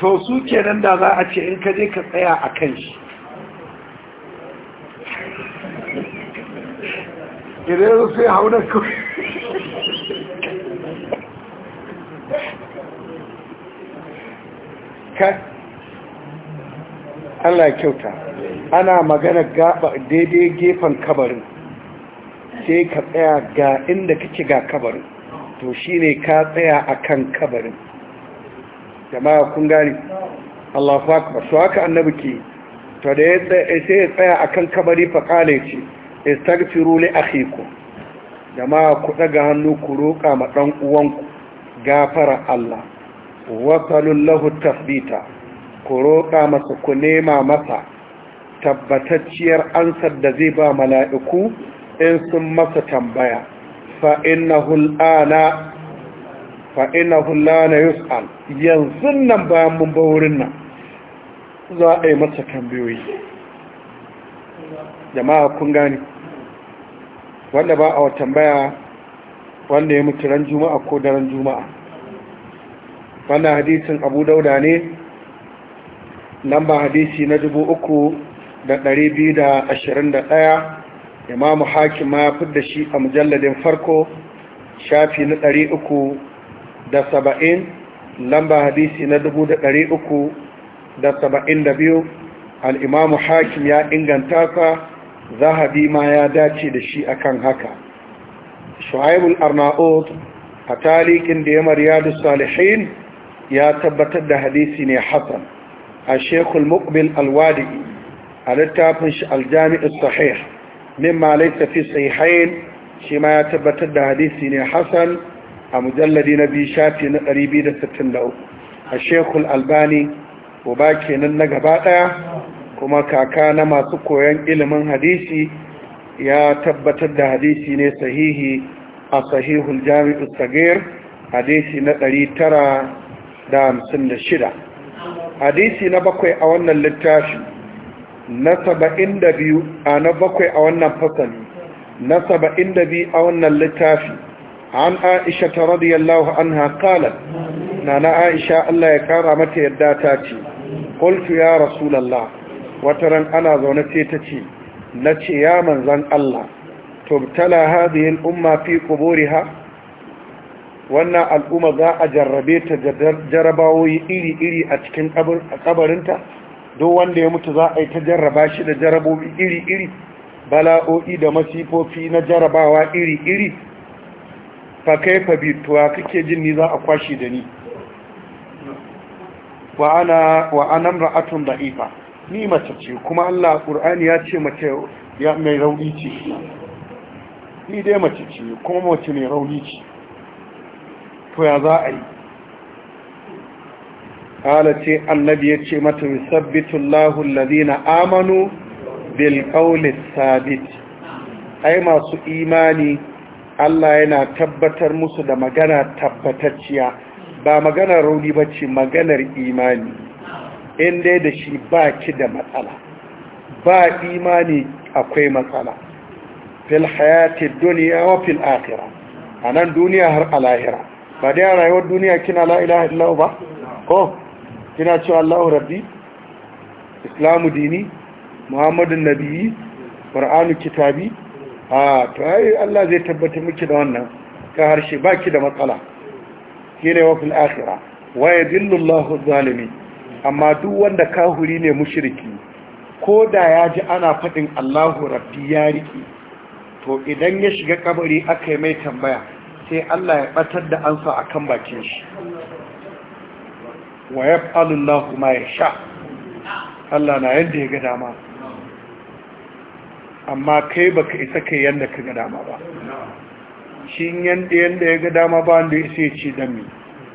to su ke nan da za a ce in ka je ka tsaya a kan shi idan yanzu sai hauna kawai ka Allah ya kyauta ana magana daidai gefen kabarin sai ka tsaya ga inda kake ga kabarin to shine ka tsaya a kan kabarin jama'a kun gani Allah akbar so haka annabi ke to da ya eh, sai ya tsaya kan kabari fa kale ce istaghfiru li akhikum jama'a ku daga hannu ku roƙa ma dan uwanku gafara Allah wa sallallahu tasbita ku roƙa masa ku nema masa tabbatacciyar ansar da zai ba mala'iku in sun masa tambaya fa'ina hulana yus'al yanzu nan bayan mun wurin nan za a yi masa tambayoyi jama'a kun gani wanda ba a wa tambaya wanda ya mutu ran juma'a ko daren juma'a wanda hadisin abu dauda ne lamba hadisi na dubu uku da ɗari biyu da ashirin da ɗaya imamu hakim ma da shi a mujalladin farko shafi na ɗari uku da saba'in lamba hadisi na dubu da ɗari uku da saba'in da biyu al'imamu hakim ya inganta ka zahabi ma ya dace da shi akan haka shu'aibul arna'ud a tarikin da ya mariyar salihin ya tabbatar da hadisi ne hassan a shekul mukbil alwadi a littafin shi aljami'in sahih min laisa fi sahihain shi ma ya tabbatar da hadisi ne Hassan a mujalladi na biyu shafi na 263 a shekul albani uba kenan na gaba daya kuma kaka na masu koyon ilimin hadisi ya tabbatar da hadisi ne sahihi a sahihul jami'u sagir hadisi na 956 hadisi na bakwai a wannan littafi na saba'in da biyu a na bakwai a wannan fasali na saba'in da biyu a wannan littafi an aisha ta radiyallahu an haƙalar na na aisha Allah ya ƙara mata yadda ta ce ƙultu ya rasulallah wata ran ana zaune sai ta ce na ce ya manzan Allah tubtala hadiyin umma fi ha? wannan al'umma za a jarrabe ta jarabawoyi iri-iri a cikin kabarinta don wanda ya mutu za a yi ta jarraba shi da jarabobi iri-iri bala'o'i da masifofi na jarabawa iri-iri fa kai fa bituwa kake jin ni za a kwashe da ni wa ana ra'atun da'ifa ni mace ce kuma Allah ƙur'ani ya ce mace mai rauni ce ni dai mace ce kuma mace mai rauni ce to ya za a yi kala ce annabi ya ce mata yusabbitullahu na amanu bil sabit ai masu imani Allah yana tabbatar musu da magana tabbatacciya ba maganar rauni ba ce, maganar imani in dai da shi ba ki da matsala ba imani akwai matsala fil hayati duniya wa fil A nan duniya har a ba dai yara duniya kina la ilaha illahu ba ko kina cewa allahu rabbi islamu dini muhammadun nabiyyi qur'anu kitabi a to ai allah zai tabbata miki da wannan ka harshe baki da matsala kire wa fil akhirah wa yadillu allahu amma duk wanda kahuri ne mushriki ko da ya ji ana faɗin allahu rabbi ya riƙe to idan ya shiga kabari aka yi mai tambaya sai Allah ya batar da ansa kan bakin shi wa ya yaf'alu Allahu ma sha Allah na yadda ya ga dama amma kai baka isa kai yadda ka ga dama ba shi yadda yadda ya ga dama ba wanda ya sai ce dan mi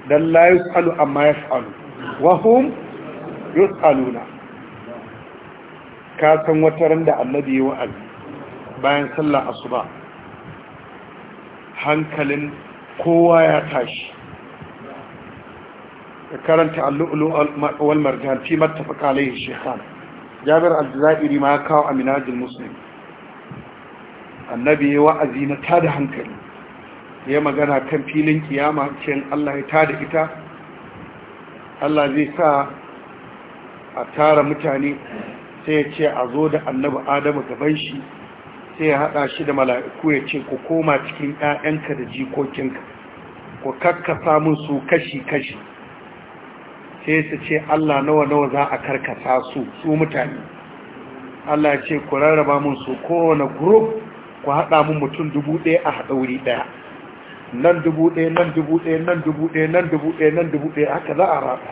dan la alu amma alu. wa yi yus'aluna ka san wata ran da annabi ya wa'azi bayan sallar asuba hankalin kowa ya tashi karanta allu'ulu wal marjan fi mattafaqa alaihi shaykhan jabir al-zairi ma kawo aminajul muslim annabi ya wa'azi na tada hankali ya magana kan filin kiyama cin Allah ya tada ita Allah zai sa a tara mutane sai ya ce a zo da annabi adamu gaban shi sai ya haɗa shi da mala'iku ya ce ku koma cikin ‘ya'yanka da jikokinka ku karkasa su kashi-kashi sai su ce Allah nawa-nawa za a karkasa su su mutane Allah ce ku rarraba mun su kowane group ku haɗa mun mutum dubu ɗaya a haɗa wuri ɗaya nan dubu ɗaya nan dubu ɗaya nan dubu ɗaya nan dubu ɗaya nan dubu ɗaya haka za a raba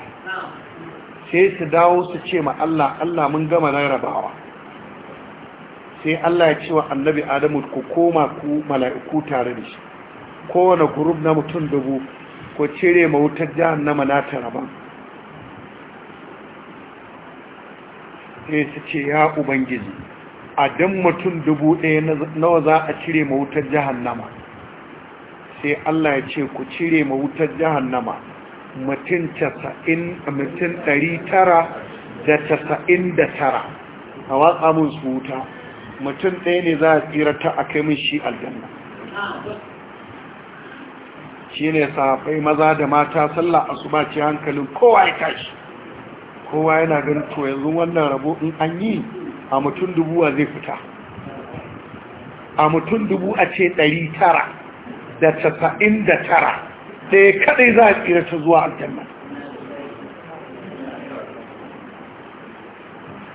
sai su dawo su ce ma Allah Allah mun gama rarrabawa sai Allah ya ce wa annabi Adamu ku koma ku mala'iku tare da shi kowane gurub na mutum dubu ko cire ma wutar jahannama na taraba sai su ce ya ubangiji a dan mutum dubu ɗaya nawa za a cire ma wutar jahannama sai Allah ya ce ku cire ma wutar jahannama mutum mutum ɗari tara da casa'in da tara a watsa mun su wuta mutum ɗaya ne za a tsira ta a kai mun shi aljanna shi ne safai maza da mata sallah su ce hankalin kowa ya tashi kowa yana ganin to yanzu wannan rabo in an yi a mutum dubuwa zai fita a mutum dubu a ce ɗari tara da casa'in da tara ɗaya kaɗai za a tsira ta zuwa aljanna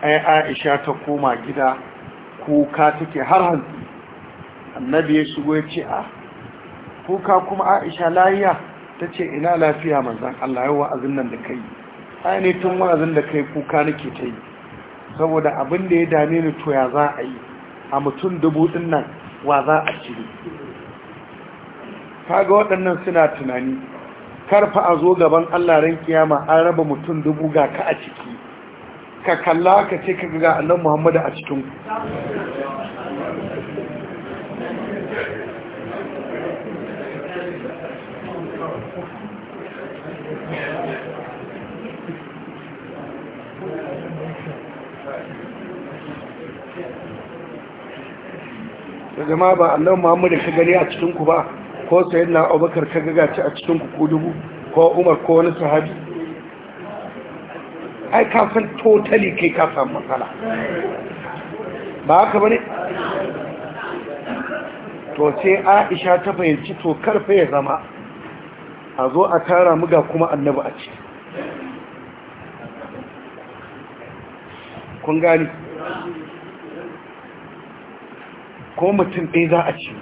ai aisha ta koma gida kuka take har hanzu annabi ya shigo ya ce a kuka kuma aisha layiya ta ce ina lafiya manzan Allah yau wa'azin nan da kai ai tun wa'azin da kai kuka nake ta yi saboda abin da ya dame ni to ya za a yi a mutum dubu din nan wa za a cire kaga waɗannan suna tunani karfa a zo gaban Allah ran kiyama an raba mutum dubu ga ka a ciki ka kalla ka ce ka ga annan muhammadu a cikin da ba annan muhammadu ka gani a cikinku ba ko sayi na abubakar ka gaga ce a cikinku ko dubu ko umar ko wani sahabi ai ka san kai ka matsala ba haka bane to sai Aisha ta fahimci to karfe ya zama a zo a tara mu ga kuma annabi a ci kun gani ko mutum ɗaya za a ci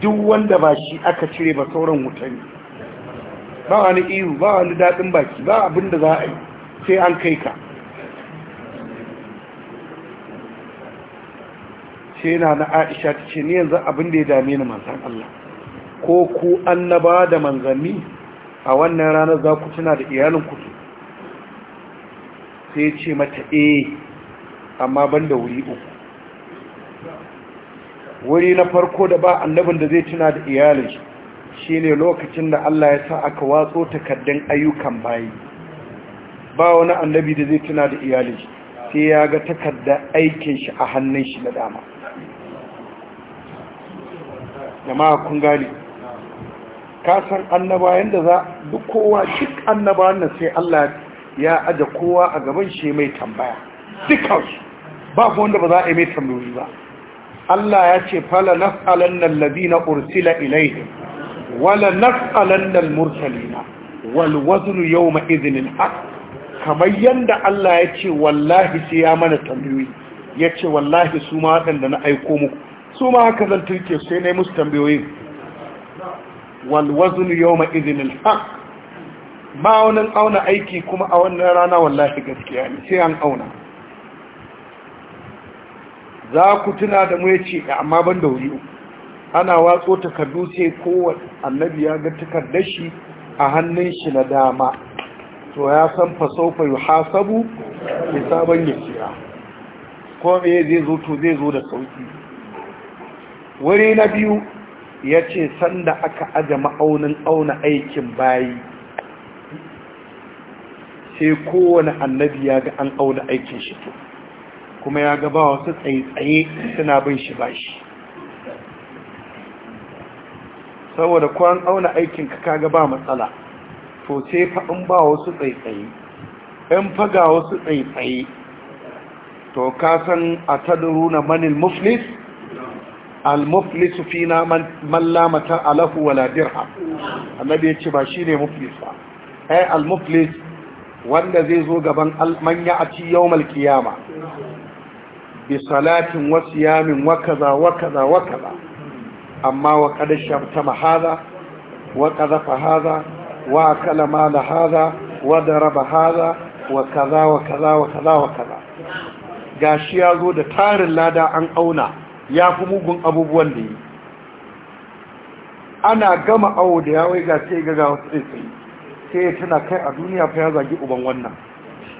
duk wanda ba shi aka cire ba sauran wuta ba wani ihu ba wani daɗin baki ba abin da za a yi sai an kai ka sai na na aisha ta ce ni yanzu abin da ya dame ni manzan Allah ko ku annaba da manzanni a wannan ranar za ku tuna da iyalin ku sai ce mata eh amma ban da wuri uku wuri na farko da ba annabin da zai tuna da iyalin shi Shi ne lokacin da Allah ya sa aka watso takardun ayyukan bayi ba wani annabi da zai tuna da iyali sai ya ga takarda aikin shi a hannun shi na dama jama'a kun gane ka san annaba yadda za duk kowa duk annaba wannan sai Allah ya aja kowa a gaban shi mai tambaya dukansu ku wanda ba za a yi mai tambayoyi ba Allah ya ce fala nas'alanna alladhina ursila ilayhim wala nas'alanna al-mursalina wal wazn yawma idhin al kamar yanda Allah ya ce wallahi sai ya mana tambayoyi ya ce wallahi su ma waɗanda na aiko muku su ma haka zan turke sai na yi musu tambayoyi wal yau yawma idhin al ma wannan auna aiki kuma a wannan rana wallahi gaskiya ne sai an auna za ku tuna da mu ya ce amma ban da wuri ana watso takardu sai kowane annabi ya ga takardar shi a hannun shi na dama to ya san fasofa yi hasabu sabon ya ko me zai zo to zai zo da sauki wuri na biyu ya ce sanda aka aje ma'aunin auna aikin bayi sai kowane annabi ya ga an auna aikin shi to kuma ya ga ba wasu tsaye-tsaye suna bin shi bashi saboda kwan auna aikinka kaga ba matsala to ce fa in ba wasu tsaitsaye in faga wasu tsaitsaye to ka san a tadaruna manil muflis al-muflis fina man la mata alahu wala dirham annabi ya ce ba shine muflis ba ai al-muflis wanda zai zo gaban man ya'ati yawmal qiyama bi salatin wa siyamin wa kaza wa kaza wa kaza amma wa kada shamtama haza wa ƙazafa haza wa akala da haza wa daraba haza wa kaza wa kaza wa kaza wa kaza Ga shi ya zo da tarin lada an auna ya fi mugun abubuwan da yi ana gama awo da ya wai ga sai ga ga wasu tsaye sai ya tana kai a duniya fa ya zagi uban wannan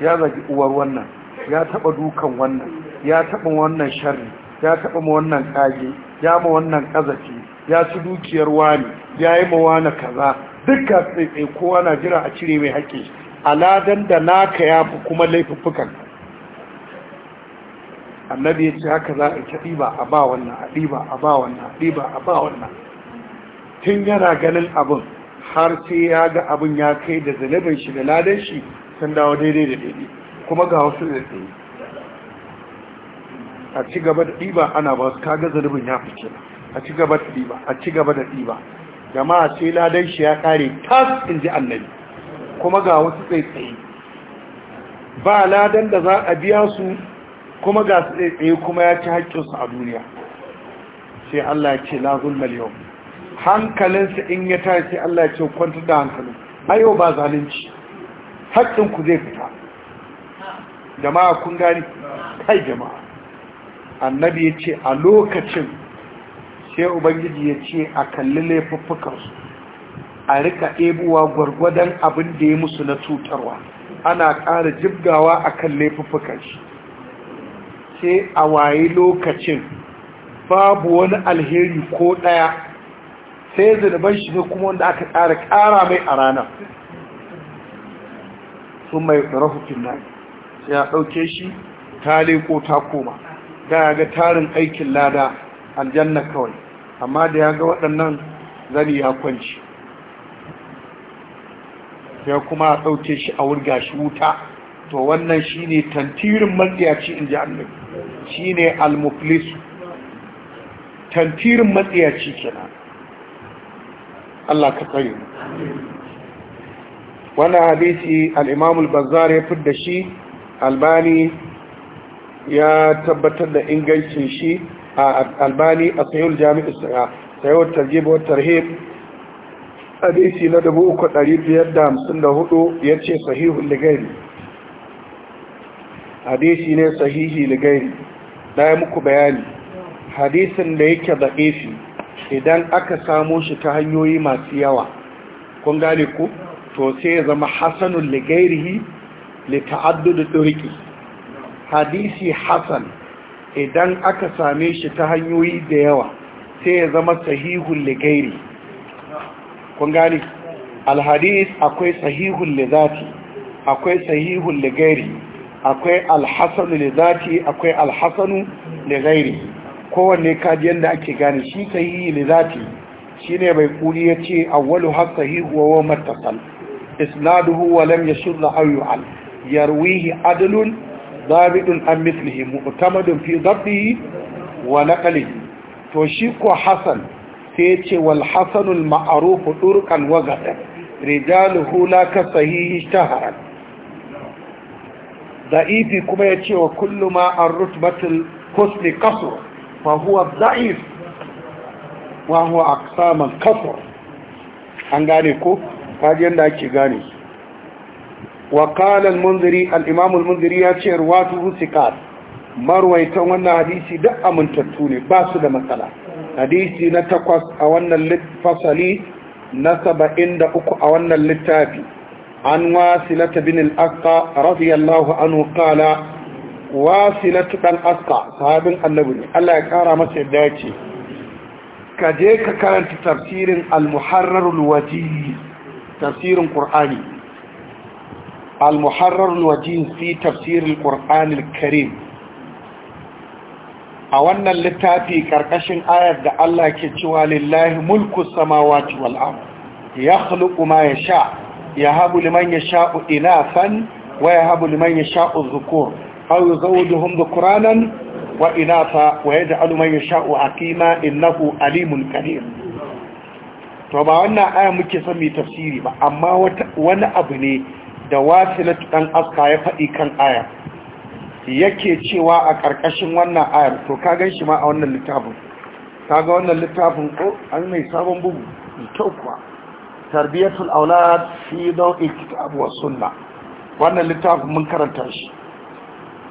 ya zagi uwar wannan ya taɓa dukan wannan ya taɓa wannan sharri ya taɓa wannan kage ya ma wannan kazafi ya ci dukiyar wani ya yi ma kaza duka tsaitsai kowa na jira a cire mai haƙƙi aladan da naka ya fi kuma laifuffukan annabi ya ce haka za a ɗiba a ba wannan a ɗiba a ba wannan a ɗiba a ba wannan tun yana ganin abin har sai ya ga abin ya kai da zanibin shi da ladan shi sun dawo daidai da daidai kuma ga wasu da tsaye a ci gaba da ɗiba ana ba su kaga zunubin ya fice a ci gaba da ɗiba a ci gaba da ɗiba jama'a ce ladan shi ya kare tas in ji annabi kuma ga wasu tsaitsaye ba ladan da za a biya su kuma ga su tsaitsaye kuma ya ci haƙƙinsu a duniya sai Allah ya ce la zulmal yau hankalinsa in ya tashi sai Allah ya ce kwantar da hankalin ayo ba zalunci haƙƙinku zai fita jama'a kun gani kai jama'a annabi ya ce a lokacin sai ubangiji ya ce a kalli laifuffukansu a rika ɗebuwa gwargwadon abin da ya musu na cutarwa ana ƙara jibgawa a kan laifuffukansu sai a waye lokacin babu wani alheri ko ɗaya sai zunuban shi ne kuma wanda aka ƙara ƙara mai a ranar sun mai rahukin na sai ɗauke shi ta leko ta koma da ya ga tarin aikin lada aljanna kawai amma da ya ga waɗannan zani ya kwanci ya kuma a ɗauke shi a wurga shi wuta to wannan shi ne tantirin matsiyaci in ji annabi shi ne almuflisu tantirin matsiyaci kenan Allah ka tsaye wannan hadisi al'imamul bazar ya fi da shi albani ya tabbatar da ingancin shi a albani a sayul jami'ar sa'a sayawar tarjiba tarhib rahib hadisi na hudu ya ce sahihun ligari hadisi ne sahihi ligari na yi muku bayani hadisin da yake da efi idan aka samo shi ta hanyoyi masu yawa kun gane ku to sai ya zama hasanun ligairihi li ta'addudu duriki hadisi Hassan, idan aka same shi ta hanyoyi da yawa sai ya zama sahihun ligairi kun gani alhadis akwai sahihun lizati akwai sahihun ligairi akwai alhassanu lizati akwai alhassanu ligairi kowanne kajiyar da ake gane shi sahihi lizati shi ne bai kuri ya ce awwalu har sahihu wa wa isnaduhu wa lam yashurra al yarwihi adalun zabitun an mislihi mu'tamadun fi zabdihi wa naqlihi to shi ko hasan sai ya ce wal hasanul ma'ruf durqan wa gadan rijaluhu la ka sahihi shahara da'ifi kuma ya ce wa kullu ma an rutbatul husni kaso fa huwa da'if wa huwa aqsaman an gane ko kaji yanda ake gane wa qala al-munziri al-imam al-munziri ya ce ruwatu sikat marwaitan wannan hadisi duk amintattu ne ba su da matsala hadisi na takwas a wannan fasali na saba'in da uku a wannan littafi an wasilata bin al-aqqa radiyallahu anhu qala wasilatu dan asqa sahabin annabi Allah ya kara masa yadda yake ka je ka karanta tafsirin al-muharrar al-waji tafsirin qur'ani المحرر الوجين في تفسير القرآن الكريم أولا للتاتي كركشن آية الله كتوى لله ملك السماوات والأرض يخلق ما يشاء يهب لمن يشاء إناثا ويهب لمن يشاء الذكور أو يزودهم ذكرانا وإناثا ويجعل من يشاء عقيما إنه عليم كريم to ba wannan aya muke son mai tafsiri ba amma wani abu ne da wasilatu dan aska ya faɗi kan aya yake cewa a ƙarƙashin wannan ayar to ka gan shi ma a wannan littafin ka ga wannan littafin ko an mai sabon bugu mai kyau kuwa tarbiyatul aulad fi daw'i kitab wa sunna wannan littafin mun karanta shi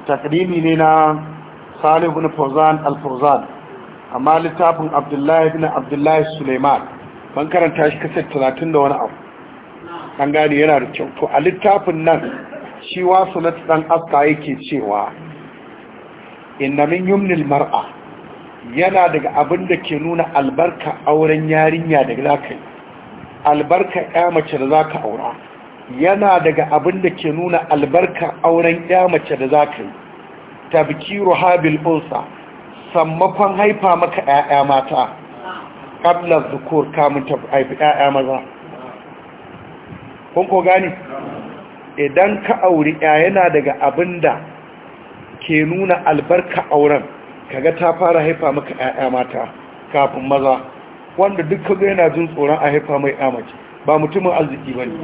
takrimi ne na Salih ibn Fawzan al-Fawzan amma littafin Abdullahi ibn Abdullahi Suleiman mun karanta shi kasar 30 da wani abu an gane yana da kyau to a littafin nan shi wasu na ɗan afka yake cewa inna min yumnil mar'a yana daga abin da ke nuna albarka auren yarinya da za ka yi albarka ya mace da za ka aura yana daga abin da ke nuna albarka auren ya mace da za ka yi tabkiru habil unsa sammakon haifa maka 'ya'ya mata ƙablar zukur kamun haifi 'ya'ya maza kun ko gani idan ka auri ya yana daga abin da ke nuna albarka auren kaga ta fara haifa maka 'ya'ya mata kafin maza wanda duk kaga yana jin tsoron a haifa mai ƴa ba mutumin arziki bane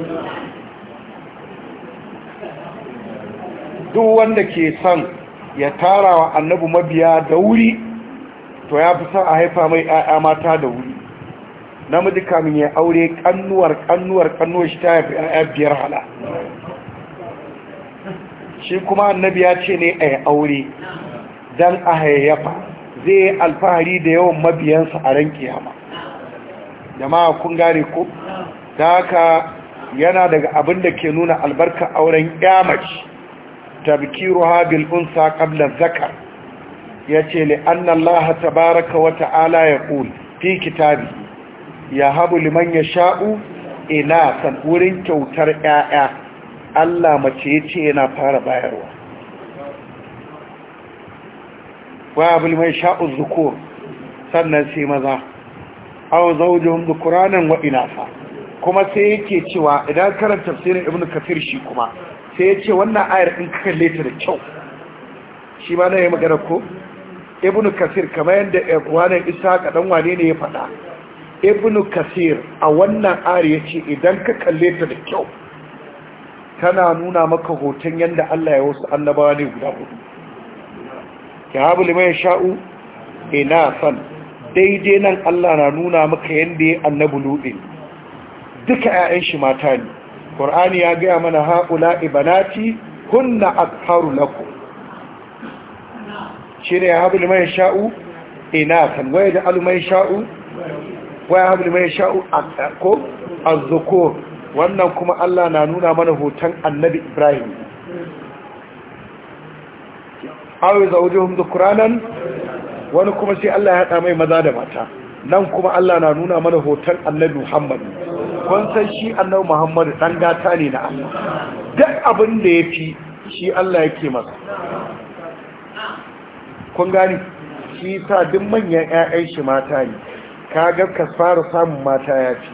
duk wanda ke son ya tarawa wa annabi mabiya da wuri to ya fi son a haifa mai ƴaƴa mata da wuri namiji kamin ya aure kannuwar kannuwar kannuwar shi ta ya biyar hala shi kuma annabi ya ce ne a aure don a hayayyafa zai yi alfahari da yawan mabiyansa a ran kiyama jama'a kun gane ko ta haka yana daga abin da ke nuna albarka auren yamaci tabkiru habil unsa qabla zakar ce li anna tabaraka wata ala ya yaqul fi kitabi ya habu liman ya sha'u ina san wurin kyautar ƴaƴa Allah mace ya ce yana fara bayarwa wa habu liman sha'u zukur sannan sai maza aw zawjuhum dhukuranan wa inasa kuma sai yake cewa idan karanta tafsirin ibn kafir shi kuma sai yace wannan ayar din ka kalle ta da kyau shi ma na yi magana ko ibn kafir kamar yadda ikwanin isa ka dan wane ne ya faɗa ibnu kasir a wannan ari ce idan ka kalle ta da kyau tana nuna maka hoton yanda Allah ya wasu annabawa ne guda hudu kihabu liman sha'u ina san daidai nan Allah na nuna maka yanda ya annabu ludin duka 'ya'yan shi mata ne Qur'ani ya gaya mana haula ibanati kunna aktharu lakum shine ya habu liman sha'u ina san waye da alman sha'u wa ya hamli mai sha'u ko azzukur wannan kuma Allah na nuna mana hoton annabi Ibrahim awi zaujuhum dhukranan wani kuma sai Allah ya haɗa mai maza da mata nan kuma Allah na nuna mana hoton annabi Muhammad kun san shi annabi Muhammad dan gata ne na Allah duk abin da yafi shi Allah yake masa kun gani shi ta duk manyan ƴaƴan shi mata ne Ka ka fara samun mata ya ci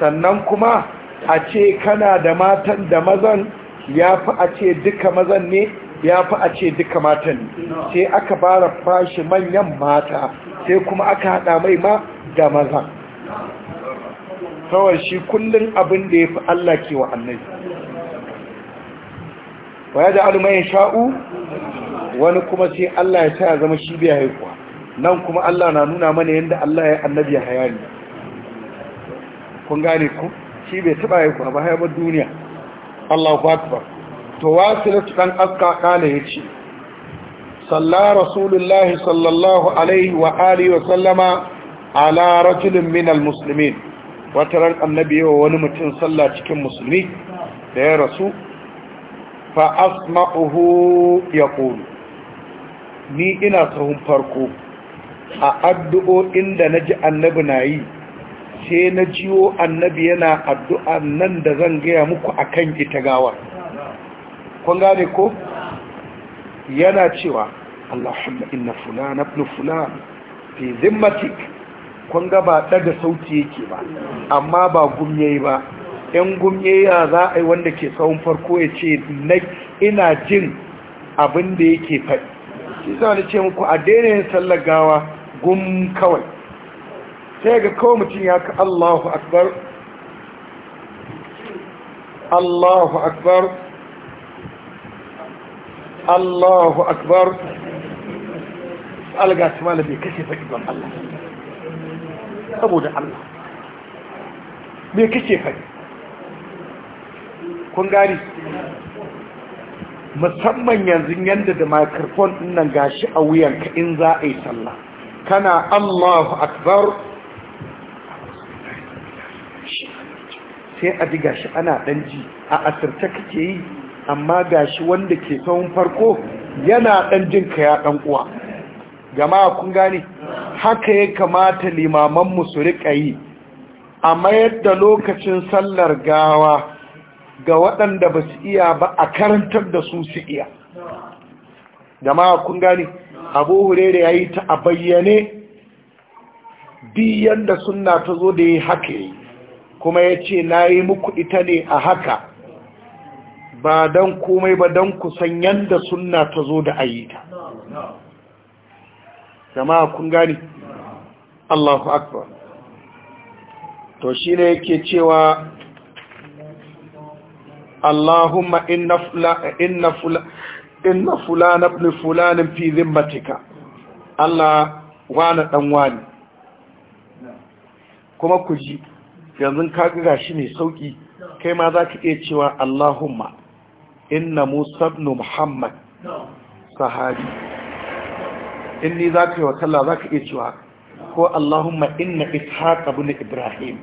sannan kuma a ce kana da matan da mazan ya fi a ce duka mazan ne ya fi a ce duka matan sai aka fara fashi manyan mata sai kuma aka haɗa mai ma da mazan kawai shi kullum abin da ya fi Allah ke wa annabi wa da alamayin sha'u wani kuma sai Allah ya sa ya zama shi biya haihuwa nan kuma Allah na nuna mana yadda Allah ya annabi ya hayani kun gane ku shi bai taba yi ku ba hayabar duniya Allahu akbar to wasilatu dan aska kana yace salla rasulullahi sallallahu alaihi wa alihi wa sallama ala rajulin min almuslimin wata ran annabi yawa wani mutum sallah cikin musulmi da ya rasu fa asma'uhu yaqulu ni ina sahun farko a addu'o'in da na ji annabi na yi sai na jiwo annabi yana addu'a nan da zan gaya muku akan kan ita gawar kun gane ko yana cewa allahumma inna fulana ibn fulana fi zimmatik kun ga ba daga sauti yake ba amma ba gumye ba yan gumye ya za a yi wanda ke tsawon farko ya ce ina jin abin da yake faɗi shi sa ce muku a daina yin sallar gawa gum kawai sai ga kawai mutum ya ka Allahu akbar Allahu akbar Allahu akbar alga su malabe kashe faɗi don Allah saboda Allah bai kashe faɗi kun gari musamman yanzu yadda da microphone nan gashi a wuyanka in za a yi sallah kana Allahu akbar sai a ji gashi ana dan ji a asirta kake yi amma gashi wanda ke tsawon farko yana dan jin ka ya dan uwa Gama kun gane haka ya kamata limaman mu su rika yi a mayar da lokacin sallar gawa ga waɗanda ba su iya ba a karantar da su su iya Gama kun gane abu hurere ya yi ta a bayyane biyan da suna ta zo da ya haka yi kuma ya ce na yi muku ita ne a haka ba don komai ba don kusan yadda suna ta zo da a yi ta jama'a kun gani allahu akbar to shi ne yake cewa allahumma inna fula inna fulana ibn fulanin fi zimmatika Allah wani dan wani kuma ku ji yanzu ka ga shi ne sauki kai ma za ka iya cewa Allahumma inna Musa ibn Muhammad sahabi in ni za ka yi wakalla za ka iya cewa ko Allahumma inna Ishaq ibn Ibrahim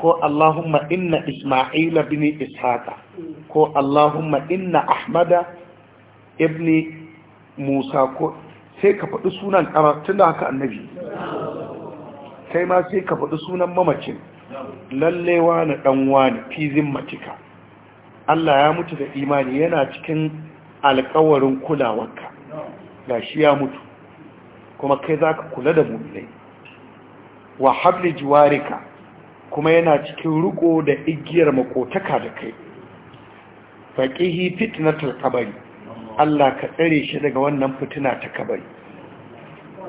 ko Allahumma inna Isma'il ibn Ishaq ko Allahumma inna Ahmada ibni musa ko sai ka faɗi sunan ƙarar tun da haka annabi Sai ma sai ka faɗi sunan mamacin lallewa na ɗanwa ne fizin matika Allah ya mutu da imani yana cikin alkawarin kulawarka ga shi ya mutu kuma kai za ka kula da mulai wa habli jiwarika kuma yana cikin riko da igiyar makotaka da kai faƙihi fitnatar ƙabari Allah ka tsare shi daga wannan fitina ta kabari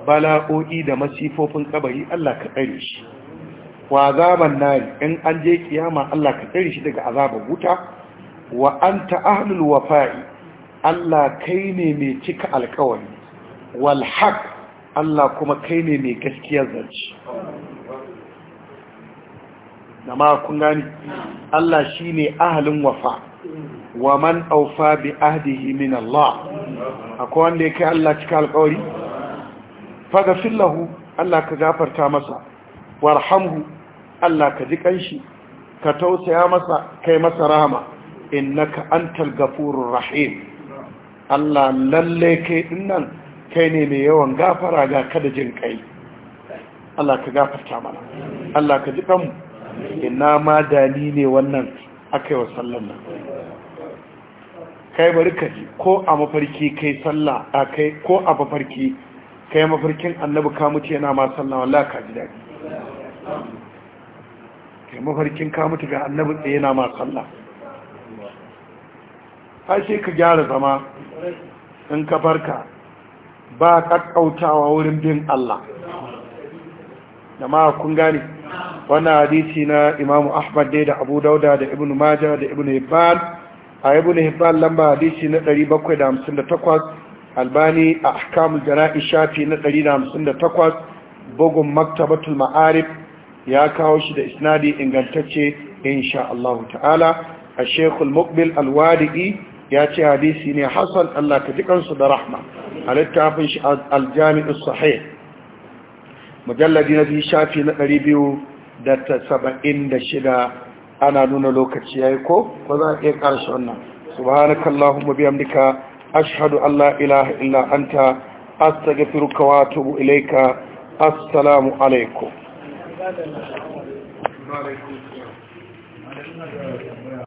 bala'o'i da masifofin kabari Allah ka tsare shi wa azaban nari in an je kiyama Allah ka tsare shi daga azaba wuta wa anta ahlul wafa'i Allah kai ne mai cika alkawari wal haq Allah kuma kai ne mai gaskiyar zance da ma kun gani Allah shine ahalin wafa wa man aufa bi ahdihi min Allah akwai wanda yake Allah cika alƙawari faghfir fillahu Allah ka gafarta masa warhamhu Allah ka ji kanshi ka tausaya masa kai masa rahama innaka antal ghafurur rahim Allah lalle kai dinnan kai ne mai yawan gafara ga kada jin kai Allah ka gafarta mana Allah ka ji kanmu ina ma dani ne wannan akai wa sallan nan kai bari ka ji ko a mafarki kai sallah a kai ko a mafarki kai mafarkin annabi ka mutu yana ma sallah wallahi ka ji daɗi kai mafarkin ka mutu ga annabi tsaye yana ma sallah ai sai ka gyara zama in ka farka ba ka kautawa wurin bin Allah jama'a kun gane wannan hadisi na Imam Ahmad da Abu Dauda da Ibn Majah da Ibn Hibban a yabu na hibban lamba hadisi na 758 albani a ahkamul jana'i shafi na 158 bugun maktabatul ma'arif ya kawo shi da isnadi ingantacce insha Allah ta'ala a shekul mukbil alwadi'i ya ce hadisi ne hassan Allah ta ji da rahma a littafin shi aljami'in sahi mujalladi na biyu shafi na 276 ana nuna lokaci yayi ko ba za a iya karshe wannan subhanaka allahumma bihamdika ashhadu an la ilaha illa anta astaghfiruka wa atubu ilaika assalamu alaikum